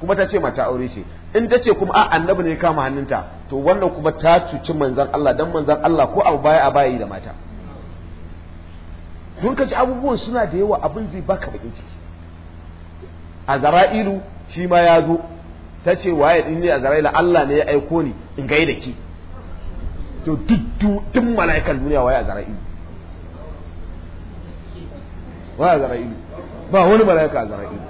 kuma ta ce mata aure ce in ta ce kuma a annabi ne ya kama hannunta to wannan kuma ta cuci manzon Allah dan manzon Allah ko abu baya a baya da mata kun kaji abubuwan suna da yawa abin zai baka bakin ciki a zara'ilu shi ma ya zo ta ce waye din ne a zaraila Allah ne ya aiko ni in gaida ki to duk duk mala'ikan duniya waye a zara'ilu waye a zara'ilu ba wani mala'ika a zara'ilu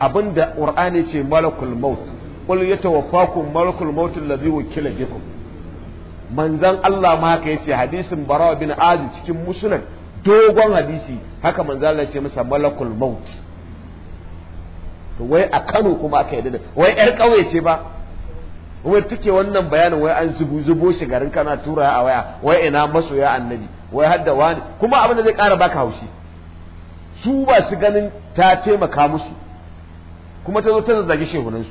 abinda qur'ani ce malakul maut qul yatawaffakum malakul maut alladhi wukila bikum manzan Allah ma haka yace hadisin barawa bin azib cikin musnad dogon hadisi haka manzan Allah ya ce masa malakul maut to wai a Kano kuma aka yi da wai yar ƙauye ce ba wai take wannan bayanin wai an zubu zubo shi garin kana tura a waya wai ina masoya annabi wai hadda wani kuma abin da zai ƙara baka haushi su ba su ganin ta taimaka musu kuma ta zo ta zazzage shehunansu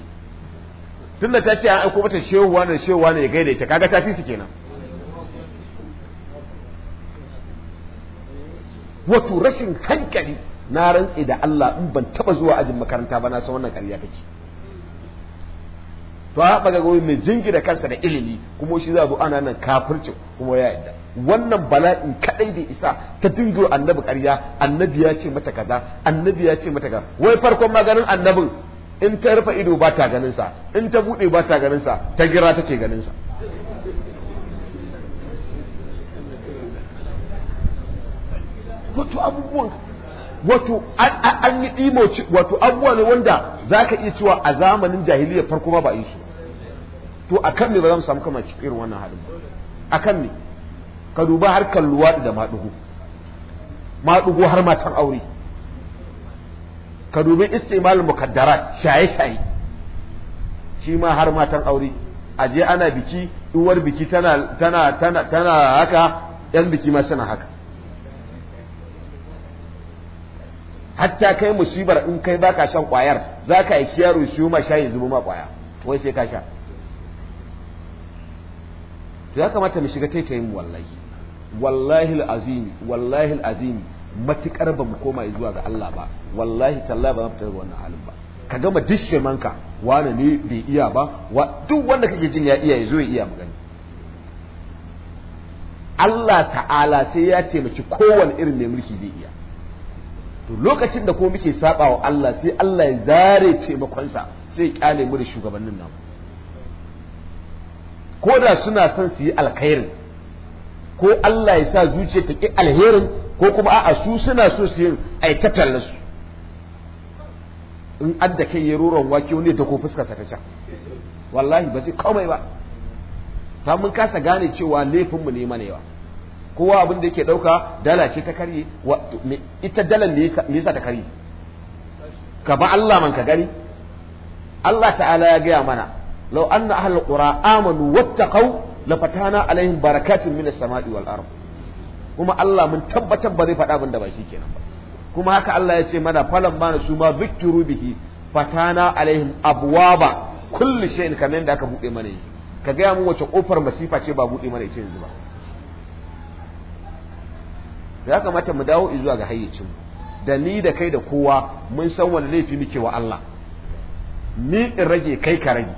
da ta ce an aiko mata shehuwa ne shehuwa ne ya gaida ita kaga ta fi su kenan wato rashin hankali na rantse da Allah in ban taba zuwa ajin makaranta ba na san wannan ƙarya kake to a baga goyi mai da kansa da ilimi kuma shi za zo ana nan kafirci kuma ya yadda wannan bala'in kadai da isa ta dingo annabi ƙarya annabi ya ce mata kaza annabi ya ce mata kaza wai farkon maganin annabin in ta rufe ido ba ta ganin sa in ta bude ba ta ganin sa ta gira take ganin sa wato abubuwan wato an yi ɗimoci wato abubuwa ne wanda za ka iya cewa a zamanin jahiliya farko ma ba yi su to a kan ne ba za mu samu kama irin wannan halin ba a kan ne. ka duba har kan luwaɗi da maɗugo maɗugo har matan aure ka dubi istimalin mukaddara shaye-shaye shi ma har matan aure a je ana biki uwar biki tana tana tana tana haka yan biki ma suna haka hatta kai musibar in kai baka shan kwayar zaka yi yaro shi ma shayi zubo ma kwaya wai sai ka sha to ya kamata mu shiga taitayin wallahi wallahi alazim wallahi alazim matukar ba mu koma zuwa ga Allah ba wallahi tallahi ba za mu fitar da wannan halin ba ka gama dishe manka. wani ne bai iya ba duk wanda kake jin ya iya ya zo ya iya magana Allah ta'ala sai ya taimaki kowane irin mai mulki zai iya to lokacin da ko muke saba wa Allah sai Allah ya zare taimakonsa sai kyale mu da shugabannin namu ko da suna son su yi alkhairin ko Allah ya sa zuciya ta ki alherin ko kuma a'a su suna so su yi aikatar nasu in adda kai ya roron wake wani ta ko fuska ta can wallahi ba zai komai ba ta mun kasa gane cewa laifinmu ne mana yawa kowa abin da yake dauka dala ce ta karye ita dalan ne yasa ta karye ka ba Allah man ka gani Allah ta'ala ya gaya mana law anna ahlul qura amanu wattaqau lafatana alaihim barakatun minas samai wal ard kuma Allah mun tabbatar ba zai faɗa abin da ba shi kenan kuma haka Allah ya ce mana falan bana su ma zikiru bihi fatana alaihim abwaba kulli shay'in kamar da aka buɗe mana yi ka gaya mu wace ƙofar masifa ce ba buɗe mana ce yanzu ba ya kamata mu dawo zuwa ga hayyacin da ni da kai da kowa mun san wani laifi muke wa Allah ni in rage kai ka rage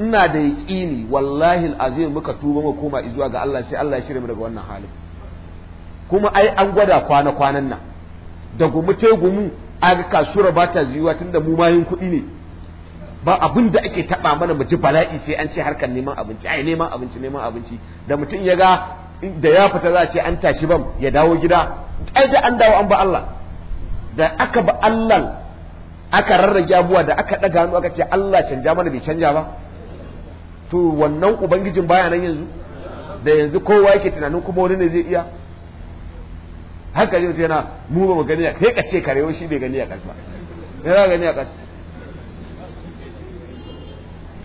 ina da yaqini wallahi azim muka tuba mu koma zuwa ga Allah sai Allah ya shirye mu daga wannan halin kuma ai an gwada kwana kwanan nan da gumu te gumu aga kasuwar ba ta ziyuwa tunda mu mayin kuɗi ne ba abin da ake taba mana mu ji bala'i sai an ce harkar neman abinci ai neman abinci neman abinci da mutum ya ga da ya fita za a ce an tashi bam ya dawo gida ai da an dawo an ba Allah da aka ba Allah aka rarrage abuwa da aka daga hannu aka ce Allah canja mana bai canja ba to wannan ubangijin baya nan yanzu da yanzu kowa yake tunanin kuma wani ne zai iya haka ne yana mu ba mu gani a kai kace kare shi bai gani a kasa ba Yana gani a kasa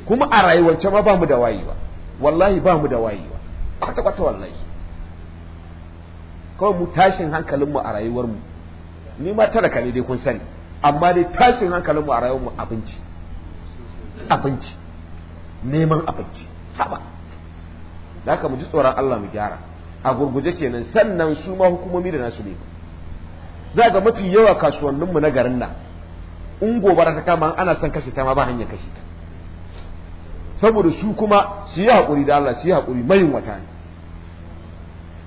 kuma a rayuwance ma ba mu da wayewa wallahi ba mu da wayewa kwata-kwata wallahi kawai mu tashin hankalinmu a rayuwarmu ni ma talaka ne dai kun sani amma dai tashin hankalinmu a rayuwarmu abinci abinci neman abinci haba da haka mu ji tsoron Allah mu gyara a gurguje kenan sannan su ma hukumomi da nasu ne za ga mafi yawa kasuwanninmu na garin nan in gobara ta kama ana son kashe ta ma ba hanyar kashe ta saboda su kuma su yi haƙuri da Allah su yi hakuri mayin wata ne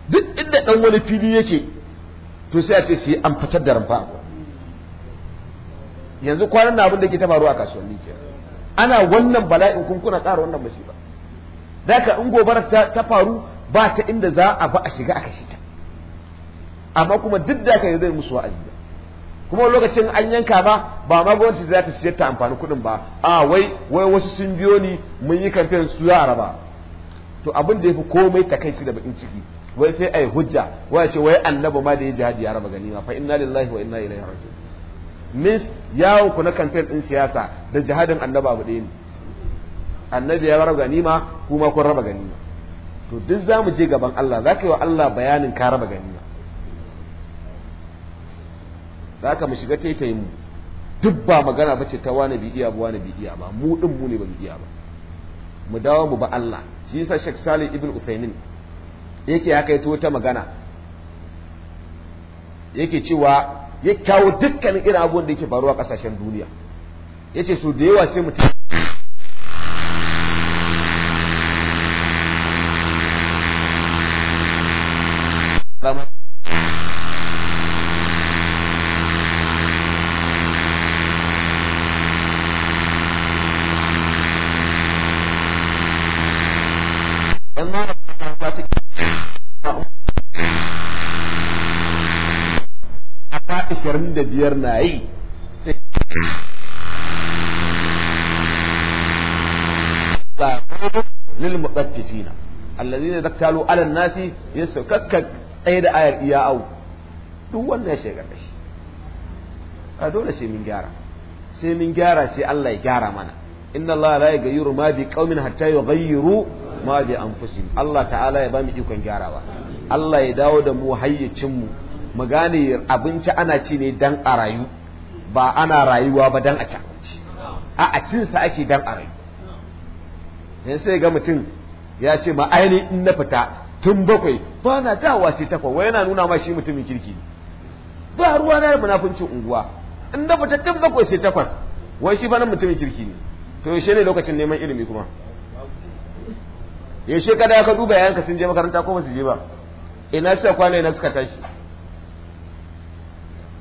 duk inda dan wani fili yake to sai a ce sai an fitar da rumfa yanzu kwanan na abin da ke ta faruwa a kasuwanni ke ana wannan bala'in kun kuna ƙara wannan musiba ka in gobarar ta faru ba ta inda za a ba a shiga a kashe ta amma kuma duk da ka zai musu wa'azi kuma lokacin an yanka ba ba ma gwamnati za ta siyar ta amfani kuɗin ba a wai wai wasu sun biyo ni mun yi kamfen su za a raba to abin da ya fi komai takaici da bakin ciki wai sai ai hujja wai ce wai annabi ma da ya jihadi ya raba ganima fa inna lillahi wa inna ilaihi raji'un miss yawon ku na kamfen din siyasa da jihadin annabi abu ɗaya ne annabi ya raba ganima kuma kun raba ganima to duk za mu je gaban Allah za ka yi wa Allah bayanin ka raba ganima za ka mu shiga taitayin mu duk ba magana ba ce ta wani bi iya ba wani bi iya ba mu din mu ne ba bi iya ba mu dawo mu ba Allah shi yasa Sheikh Salih ibn Uthaymeen yake ya kai ta magana yake cewa ya kawo dukkanin irin abubuwan da yake faruwa a ƙasashen duniya yace su da yawa sai mutum ashirin da biyar na yi sai lil muqaffifina allazina zaktalu ala nasi yasu kakka da ayar iya au duk wannan shekar da shi a dole sai mun gyara sai mun gyara sai Allah ya gyara mana inna Allah la yughayyiru ma bi qaumin hatta yughayyiru ma bi anfusihim Allah ta'ala ya bamu ikon ikon gyarawa Allah ya dawo da mu hayyacin mu mu gane abinci ana ci ne dan a rayu ba ana rayuwa ba dan a ci abinci a a cin sa ake dan a rayu dan sai ga mutum ya ce ma aini in na fita tun bakwai ba na dawa sai takwa wai yana nuna ma shi mutumin kirki ne ba ruwa na da munafincin unguwa in na fita tun bakwai sai takwas wai shi fa nan mutumin kirki ne to yaushe ne lokacin neman ilimi kuma yaushe kada ka duba yayanka sun je makaranta ko ba su je ba ina shi kwana ina suka tashi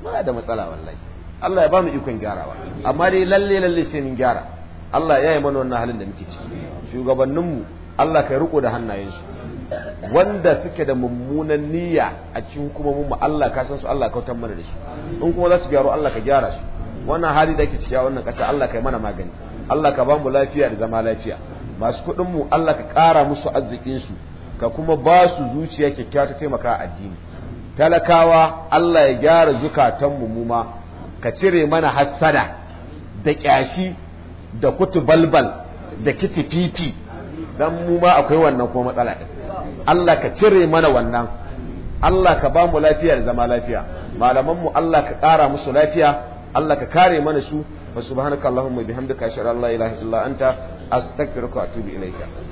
muna da matsala wallahi Allah ya ba mu ikon gyarawa amma dai lalle lalle sai mun gyara Allah ya yi mana wannan halin da muke ciki shugabanninmu Allah kai riko da hannayensu wanda suke da mummunan niyya a cikin kuma mu Allah ka san su Allah ka mana da shi in kuma za su gyaro Allah ka gyara su wannan hali da ake ciki a wannan kasa Allah kai mana magani Allah ka ba mu lafiya da zama lafiya masu kuɗin mu Allah ka ƙara musu arzikin su ka kuma ba su zuciya kyakkyawa ta taimaka addini talakawa Allah ya gyara zukatanmu mu ma ka cire mana hassada da kyashi da kutu balbal da kiti fifi dan mu ma akwai wannan kuma matsala Allah ka cire mana wannan Allah ka ba mu lafiya da zama lafiya malaman mu Allah ka ƙara musu lafiya Allah ka kare mana su wa subhanakallahumma bihamdika ashhadu an la ilaha illa anta astaghfiruka wa atubu ilayka